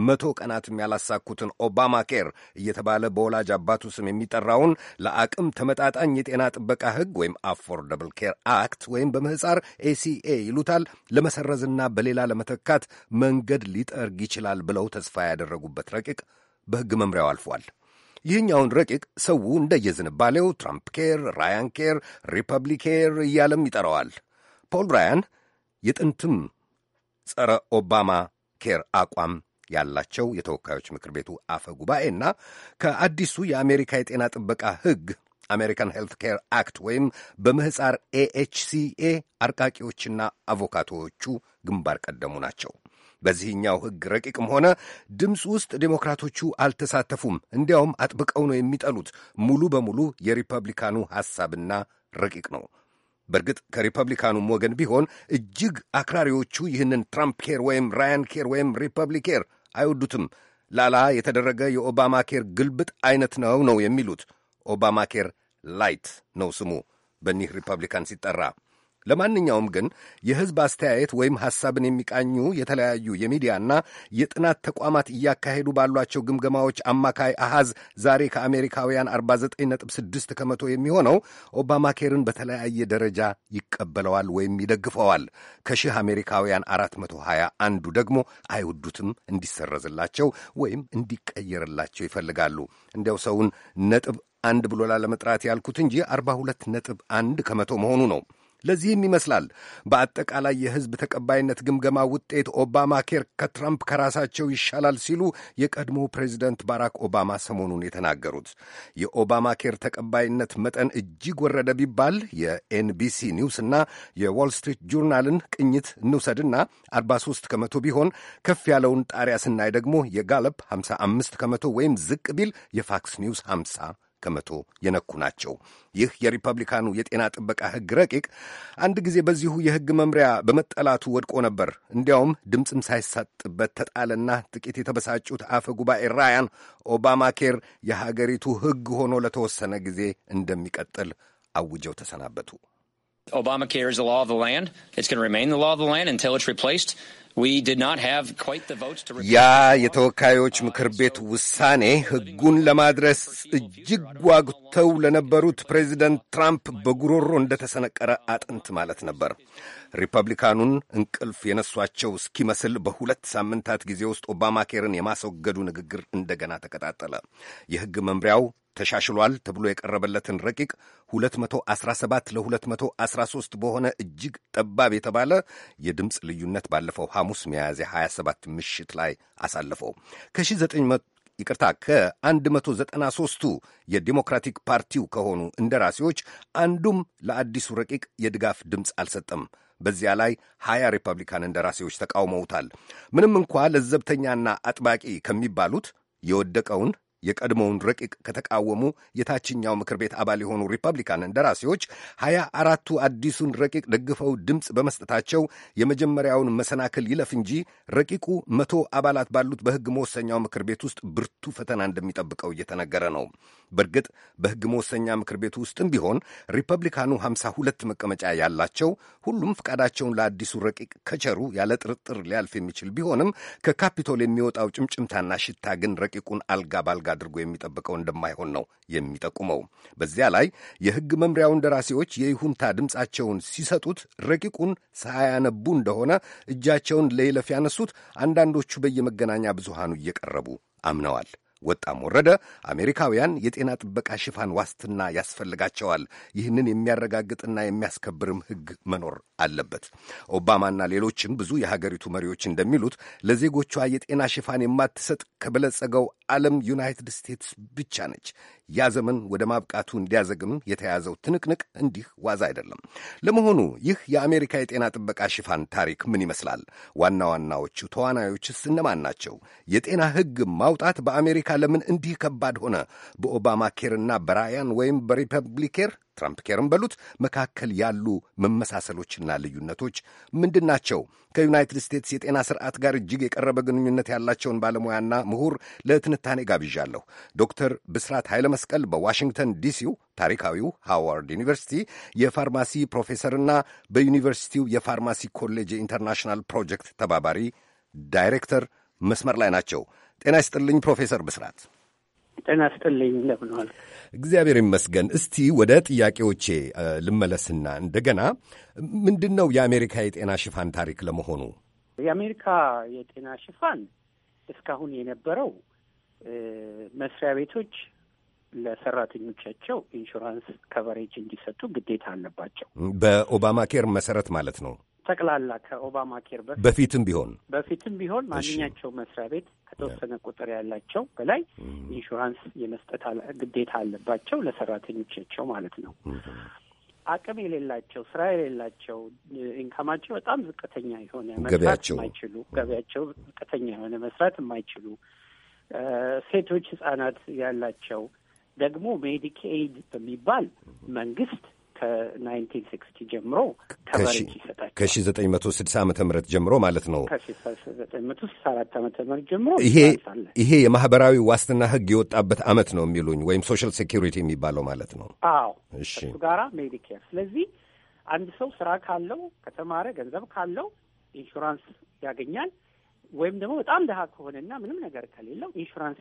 መቶ ቀናትም ያላሳኩትን ኦባማ ኬር እየተባለ በወላጅ አባቱ ስም የሚጠራውን ለአቅም ተመጣጣኝ የጤና ጥበቃ ሕግ ወይም አፎርደብል ኬር አክት ወይም በምህፃር ኤሲኤ ይሉታል ለመሰረዝና በሌላ ለመተካት መንገድ ሊጠርግ ይችላል ብለው ተስፋ ያደረጉበት ረቂቅ በሕግ መምሪያው አልፏል። ይህኛውን ረቂቅ ሰው እንደየዝንባሌው ትራምፕ ኬር፣ ራያን ኬር፣ ሪፐብሊክ ኬር እያለም ይጠራዋል። ፖል ራያን የጥንትም ጸረ ኦባማ ኬር አቋም ያላቸው የተወካዮች ምክር ቤቱ አፈ ጉባኤና ከአዲሱ የአሜሪካ የጤና ጥበቃ ሕግ አሜሪካን ሄልት ኬር አክት ወይም በምህፃር ኤኤችሲኤ አርቃቂዎችና አቮካቶዎቹ ግንባር ቀደሙ ናቸው። በዚህኛው ሕግ ረቂቅም ሆነ ድምፅ ውስጥ ዴሞክራቶቹ አልተሳተፉም። እንዲያውም አጥብቀው ነው የሚጠሉት። ሙሉ በሙሉ የሪፐብሊካኑ ሐሳብና ረቂቅ ነው። በእርግጥ ከሪፐብሊካኑም ወገን ቢሆን እጅግ አክራሪዎቹ ይህንን ትራምፕ ኬር ወይም ራያን ኬር ወይም ሪፐብሊክ ኬር አይወዱትም። ላላ የተደረገ የኦባማ ኬር ግልብጥ አይነት ነው ነው የሚሉት። ኦባማ ኬር ላይት ነው ስሙ በኒህ ሪፐብሊካን ሲጠራ ለማንኛውም ግን የሕዝብ አስተያየት ወይም ሐሳብን የሚቃኙ የተለያዩ የሚዲያና የጥናት ተቋማት እያካሄዱ ባሏቸው ግምገማዎች አማካይ አሃዝ ዛሬ ከአሜሪካውያን 49.6 ከመቶ የሚሆነው ኦባማ ኬርን በተለያየ ደረጃ ይቀበለዋል ወይም ይደግፈዋል። ከሺህ አሜሪካውያን 420 አንዱ ደግሞ አይወዱትም፣ እንዲሰረዝላቸው ወይም እንዲቀየርላቸው ይፈልጋሉ። እንዲያው ሰውን ነጥብ አንድ ብሎ ላለመጥራት ያልኩት እንጂ 42 ነጥብ አንድ ከመቶ መሆኑ ነው። ለዚህም ይመስላል በአጠቃላይ የሕዝብ ተቀባይነት ግምገማ ውጤት ኦባማ ኬር ከትራምፕ ከራሳቸው ይሻላል ሲሉ የቀድሞ ፕሬዚደንት ባራክ ኦባማ ሰሞኑን የተናገሩት። የኦባማ ኬር ተቀባይነት መጠን እጅግ ወረደ ቢባል የኤንቢሲ ኒውስና የዋል ስትሪት ጆርናልን ቅኝት እንውሰድና 43 ከመቶ ቢሆን ከፍ ያለውን ጣሪያ ስናይ ደግሞ የጋለፕ 55 ከመቶ ወይም ዝቅ ቢል የፋክስ ኒውስ 50 ከመቶ የነኩ ናቸው። ይህ የሪፐብሊካኑ የጤና ጥበቃ ሕግ ረቂቅ አንድ ጊዜ በዚሁ የሕግ መምሪያ በመጠላቱ ወድቆ ነበር። እንዲያውም ድምፅም ሳይሰጥበት ተጣለና ጥቂት የተበሳጩት አፈ ጉባኤ ራያን ኦባማ ኬር የሀገሪቱ ሕግ ሆኖ ለተወሰነ ጊዜ እንደሚቀጥል አውጀው ተሰናበቱ። Obamacare is the law of the land. It's going to remain the law of the land until it's replaced ያ የተወካዮች ምክር ቤት ውሳኔ ሕጉን ለማድረስ እጅግ ጓጉተው ለነበሩት ፕሬዚደንት ትራምፕ በጉሮሮ እንደተሰነቀረ አጥንት ማለት ነበር። ሪፐብሊካኑን እንቅልፍ የነሷቸው እስኪመስል በሁለት ሳምንታት ጊዜ ውስጥ ኦባማ ኬርን የማስወገዱ ንግግር እንደገና ተቀጣጠለ። የሕግ መምሪያው ተሻሽሏል ተብሎ የቀረበለትን ረቂቅ 217 ለ213 በሆነ እጅግ ጠባብ የተባለ የድምፅ ልዩነት ባለፈው ሐሙስ ሚያዝያ 27 ምሽት ላይ አሳለፈው። ከ9 ይቅርታ ከ193ቱ የዲሞክራቲክ ፓርቲው ከሆኑ እንደራሴዎች አንዱም ለአዲሱ ረቂቅ የድጋፍ ድምፅ አልሰጠም። በዚያ ላይ ሀያ ሪፐብሊካን እንደራሴዎች ተቃውመውታል። ምንም እንኳ ለዘብተኛና አጥባቂ ከሚባሉት የወደቀውን የቀድሞውን ረቂቅ ከተቃወሙ የታችኛው ምክር ቤት አባል የሆኑ ሪፐብሊካን እንደራሴዎች ሀያ አራቱ አዲሱን ረቂቅ ደግፈው ድምፅ በመስጠታቸው የመጀመሪያውን መሰናክል ይለፍ እንጂ ረቂቁ መቶ አባላት ባሉት በሕግ መወሰኛው ምክር ቤት ውስጥ ብርቱ ፈተና እንደሚጠብቀው እየተነገረ ነው። በእርግጥ በሕግ መወሰኛ ምክር ቤቱ ውስጥም ቢሆን ሪፐብሊካኑ ሃምሳ ሁለት መቀመጫ ያላቸው ሁሉም ፈቃዳቸውን ለአዲሱ ረቂቅ ከቸሩ ያለ ጥርጥር ሊያልፍ የሚችል ቢሆንም ከካፒቶል የሚወጣው ጭምጭምታና ሽታ ግን ረቂቁን አልጋ ባልጋ አድርጎ የሚጠብቀው እንደማይሆን ነው የሚጠቁመው። በዚያ ላይ የሕግ መምሪያውን ደራሲዎች የይሁንታ ድምፃቸውን ሲሰጡት ረቂቁን ሳያነቡ እንደሆነ እጃቸውን ለይለፍ ያነሱት አንዳንዶቹ በየመገናኛ ብዙሃኑ እየቀረቡ አምነዋል። ወጣም ወረደ አሜሪካውያን የጤና ጥበቃ ሽፋን ዋስትና ያስፈልጋቸዋል። ይህንን የሚያረጋግጥና የሚያስከብርም ሕግ መኖር አለበት። ኦባማና ሌሎችም ብዙ የሀገሪቱ መሪዎች እንደሚሉት ለዜጎቿ የጤና ሽፋን የማትሰጥ ከበለጸገው ዓለም ዩናይትድ ስቴትስ ብቻ ነች። ያ ዘመን ወደ ማብቃቱ እንዲያዘግም የተያዘው ትንቅንቅ እንዲህ ዋዛ አይደለም። ለመሆኑ ይህ የአሜሪካ የጤና ጥበቃ ሽፋን ታሪክ ምን ይመስላል? ዋና ዋናዎቹ ተዋናዮችስ እነማን ናቸው? የጤና ሕግ ማውጣት በአሜሪካ አሜሪካ ለምን እንዲህ ከባድ ሆነ? በኦባማ ኬርና በራያን ወይም በሪፐብሊኬር ትራምፕ ኬርም በሉት መካከል ያሉ መመሳሰሎችና ልዩነቶች ምንድን ናቸው? ከዩናይትድ ስቴትስ የጤና ስርዓት ጋር እጅግ የቀረበ ግንኙነት ያላቸውን ባለሙያና ምሁር ለትንታኔ ጋብዣለሁ። ዶክተር ብስራት ኃይለ መስቀል በዋሽንግተን ዲሲው ታሪካዊው ሃዋርድ ዩኒቨርሲቲ የፋርማሲ ፕሮፌሰርና በዩኒቨርሲቲው የፋርማሲ ኮሌጅ የኢንተርናሽናል ፕሮጀክት ተባባሪ ዳይሬክተር መስመር ላይ ናቸው። ጤና ይስጥልኝ ፕሮፌሰር ብስራት። ጤና ስጥልኝ እንደምንዋል። እግዚአብሔር ይመስገን። እስቲ ወደ ጥያቄዎቼ ልመለስና እንደገና ምንድን ነው የአሜሪካ የጤና ሽፋን ታሪክ ለመሆኑ? የአሜሪካ የጤና ሽፋን እስካሁን የነበረው መስሪያ ቤቶች ለሰራተኞቻቸው ኢንሹራንስ ከቨሬጅ እንዲሰጡ ግዴታ አለባቸው። በኦባማ ኬር መሰረት ማለት ነው። ጠቅላላ ከኦባማ ኬር በፊት በፊትም ቢሆን በፊትም ቢሆን ማንኛቸው መስሪያ ቤት ከተወሰነ ቁጥር ያላቸው በላይ ኢንሹራንስ የመስጠት ግዴታ አለባቸው ለሰራተኞቻቸው ማለት ነው። አቅም የሌላቸው ስራ የሌላቸው ኢንካማቸው በጣም ዝቅተኛ የሆነ መስራት የማይችሉ ገቢያቸው ዝቅተኛ የሆነ መስራት የማይችሉ ሴቶች፣ ህጻናት ያላቸው ደግሞ ሜዲኬድ በሚባል መንግስት ከናይንቲን ሲክስቲ ጀምሮ ከቨሬጅ ይሰጣቸዋል። ከሺ ዘጠኝ መቶ ስድሳ ዓመተ ምህረት ጀምሮ ማለት ነው። ከሺ ዘጠኝ መቶ ስልሳ አራት ዓመተ ምህረት ጀምሮ ይሄ ይሄ የማህበራዊ ዋስትና ህግ የወጣበት አመት ነው የሚሉኝ ወይም ሶሻል ሴኪሪቲ የሚባለው ማለት ነው። አዎ እሺ፣ እሱ ጋራ ሜዲኬር። ስለዚህ አንድ ሰው ስራ ካለው ከተማረ ገንዘብ ካለው ኢንሹራንስ ያገኛል። ወይም ደግሞ በጣም ድሀ ከሆነና ምንም ነገር ከሌለው ኢንሹራንስ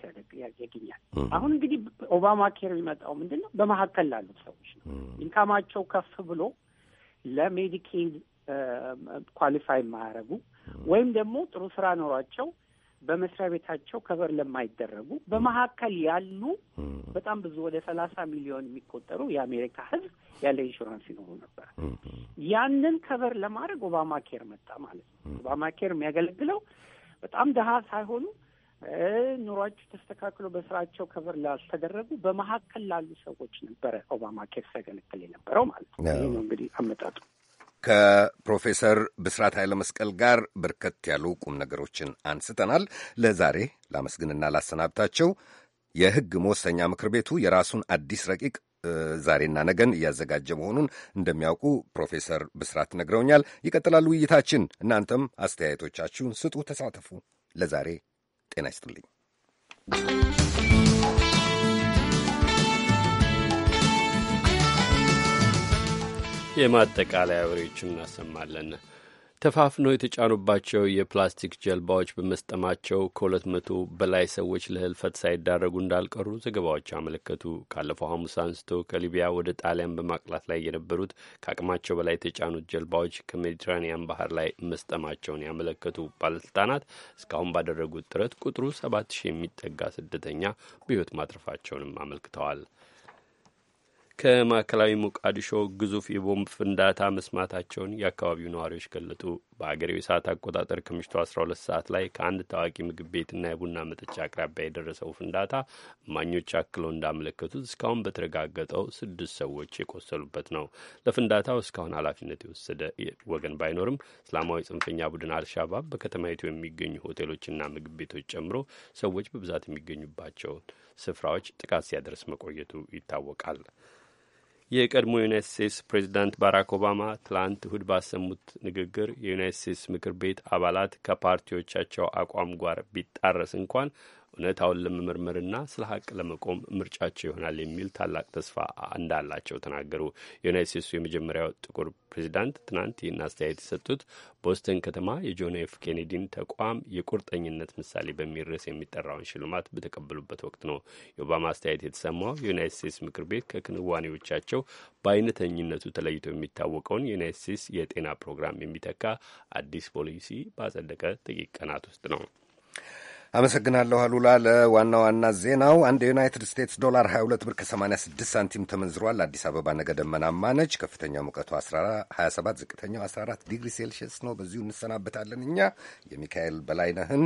ያገኛል። አሁን እንግዲህ ኦባማ ኬር የሚመጣው ምንድን ነው? በመካከል ላሉት ሰዎች ነው። ኢንካማቸው ከፍ ብሎ ለሜዲኬድ ኳሊፋይ የማያደርጉ ወይም ደግሞ ጥሩ ስራ ኖሯቸው በመስሪያ ቤታቸው ከበር ለማይደረጉ በመካከል ያሉ በጣም ብዙ ወደ ሰላሳ ሚሊዮን የሚቆጠሩ የአሜሪካ ሕዝብ ያለ ኢንሹራንስ ይኖሩ ነበር። ያንን ከበር ለማድረግ ኦባማ ኬር መጣ ማለት ነው። ኦባማ ኬር የሚያገለግለው በጣም ድሀ ሳይሆኑ ኑሯቸው ተስተካክሎ በስራቸው ከበር ላልተደረጉ በመካከል ላሉ ሰዎች ነበረ ኦባማ ኬር ሲያገለግል የነበረው ማለት ነው። ይህ ነው እንግዲህ አመጣጡ። ከፕሮፌሰር ብስራት ኃይለ መስቀል ጋር በርከት ያሉ ቁም ነገሮችን አንስተናል። ለዛሬ ላመስግንና ላሰናብታቸው። የሕግ መወሰኛ ምክር ቤቱ የራሱን አዲስ ረቂቅ ዛሬና ነገን እያዘጋጀ መሆኑን እንደሚያውቁ ፕሮፌሰር ብስራት ነግረውኛል። ይቀጥላሉ ውይይታችን። እናንተም አስተያየቶቻችሁን ስጡ፣ ተሳተፉ። ለዛሬ ጤና ይስጥልኝ። የማጠቃለያ ወሬዎችን እናሰማለን። ተፋፍነው የተጫኑባቸው የፕላስቲክ ጀልባዎች በመስጠማቸው ከሁለት መቶ በላይ ሰዎች ለህልፈት ሳይዳረጉ እንዳልቀሩ ዘገባዎች አመለከቱ። ካለፈው ሐሙስ አንስቶ ከሊቢያ ወደ ጣሊያን በማቅላት ላይ የነበሩት ከአቅማቸው በላይ የተጫኑት ጀልባዎች ከሜዲትራኒያን ባህር ላይ መስጠማቸውን ያመለከቱ ባለስልጣናት እስካሁን ባደረጉት ጥረት ቁጥሩ ሰባት ሺህ የሚጠጋ ስደተኛ በሕይወት ማትረፋቸውንም አመልክተዋል። ከማዕከላዊ ሞቃዲሾ ግዙፍ የቦምብ ፍንዳታ መስማታቸውን የአካባቢው ነዋሪዎች ገለጡ። በአገሬው የሰዓት አቆጣጠር ከምሽቱ 12 ሰዓት ላይ ከአንድ ታዋቂ ምግብ ቤትና የቡና መጠጫ አቅራቢያ የደረሰው ፍንዳታ እማኞች አክለው እንዳመለከቱት እስካሁን በተረጋገጠው ስድስት ሰዎች የቆሰሉበት ነው። ለፍንዳታው እስካሁን ኃላፊነት የወሰደ ወገን ባይኖርም እስላማዊ ጽንፈኛ ቡድን አልሻባብ በከተማይቱ የሚገኙ ሆቴሎችና ምግብ ቤቶች ጨምሮ ሰዎች በብዛት የሚገኙባቸውን ስፍራዎች ጥቃት ሲያደርስ መቆየቱ ይታወቃል። የቀድሞ የዩናይት ስቴትስ ፕሬዚዳንት ባራክ ኦባማ ትላንት እሁድ ባሰሙት ንግግር የዩናይት ስቴትስ ምክር ቤት አባላት ከፓርቲዎቻቸው አቋም ጋር ቢጣረስ እንኳን እውነታውን ለመመርመርና ስለ ሀቅ ለመቆም ምርጫቸው ይሆናል የሚል ታላቅ ተስፋ እንዳላቸው ተናገሩ። የዩናይት ስቴትሱ የመጀመሪያው ጥቁር ፕሬዚዳንት ትናንት ይህን አስተያየት የሰጡት ቦስተን ከተማ የጆን ኤፍ ኬኔዲን ተቋም የቁርጠኝነት ምሳሌ በሚል ርዕስ የሚጠራውን ሽልማት በተቀበሉበት ወቅት ነው። የኦባማ አስተያየት የተሰማው የዩናይት ስቴትስ ምክር ቤት ከክንዋኔዎቻቸው በአይነተኝነቱ ተለይቶ የሚታወቀውን የዩናይት ስቴትስ የጤና ፕሮግራም የሚተካ አዲስ ፖሊሲ ባጸደቀ ጥቂት ቀናት ውስጥ ነው። አመሰግናለሁ አሉላ። ለዋና ዋና ዜናው አንድ የዩናይትድ ስቴትስ ዶላር 22 ብር ከ86 ሳንቲም ተመንዝሯል። አዲስ አበባ ነገ ደመናማ ነች። ከፍተኛ ሙቀቱ 27፣ ዝቅተኛው 14 ዲግሪ ሴልሽየስ ነው። በዚሁ እንሰናበታለን። እኛ የሚካኤል በላይነህን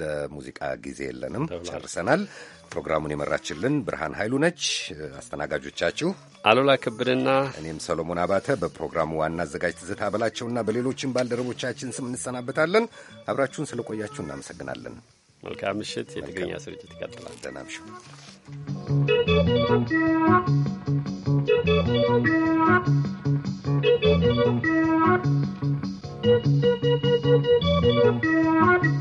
ለሙዚቃ ጊዜ የለንም፣ ጨርሰናል። ፕሮግራሙን የመራችልን ብርሃን ኃይሉ ነች። አስተናጋጆቻችሁ አሉላ ክብድና እኔም ሰሎሞን አባተ በፕሮግራሙ ዋና አዘጋጅ ትዝታ በላቸውና በሌሎችም ባልደረቦቻችን ስም እንሰናበታለን። አብራችሁን ስለቆያችሁ እናመሰግናለን። መልካም ምሽት። የትግርኛ ስርጭት ይቀጥላል። ደህና you.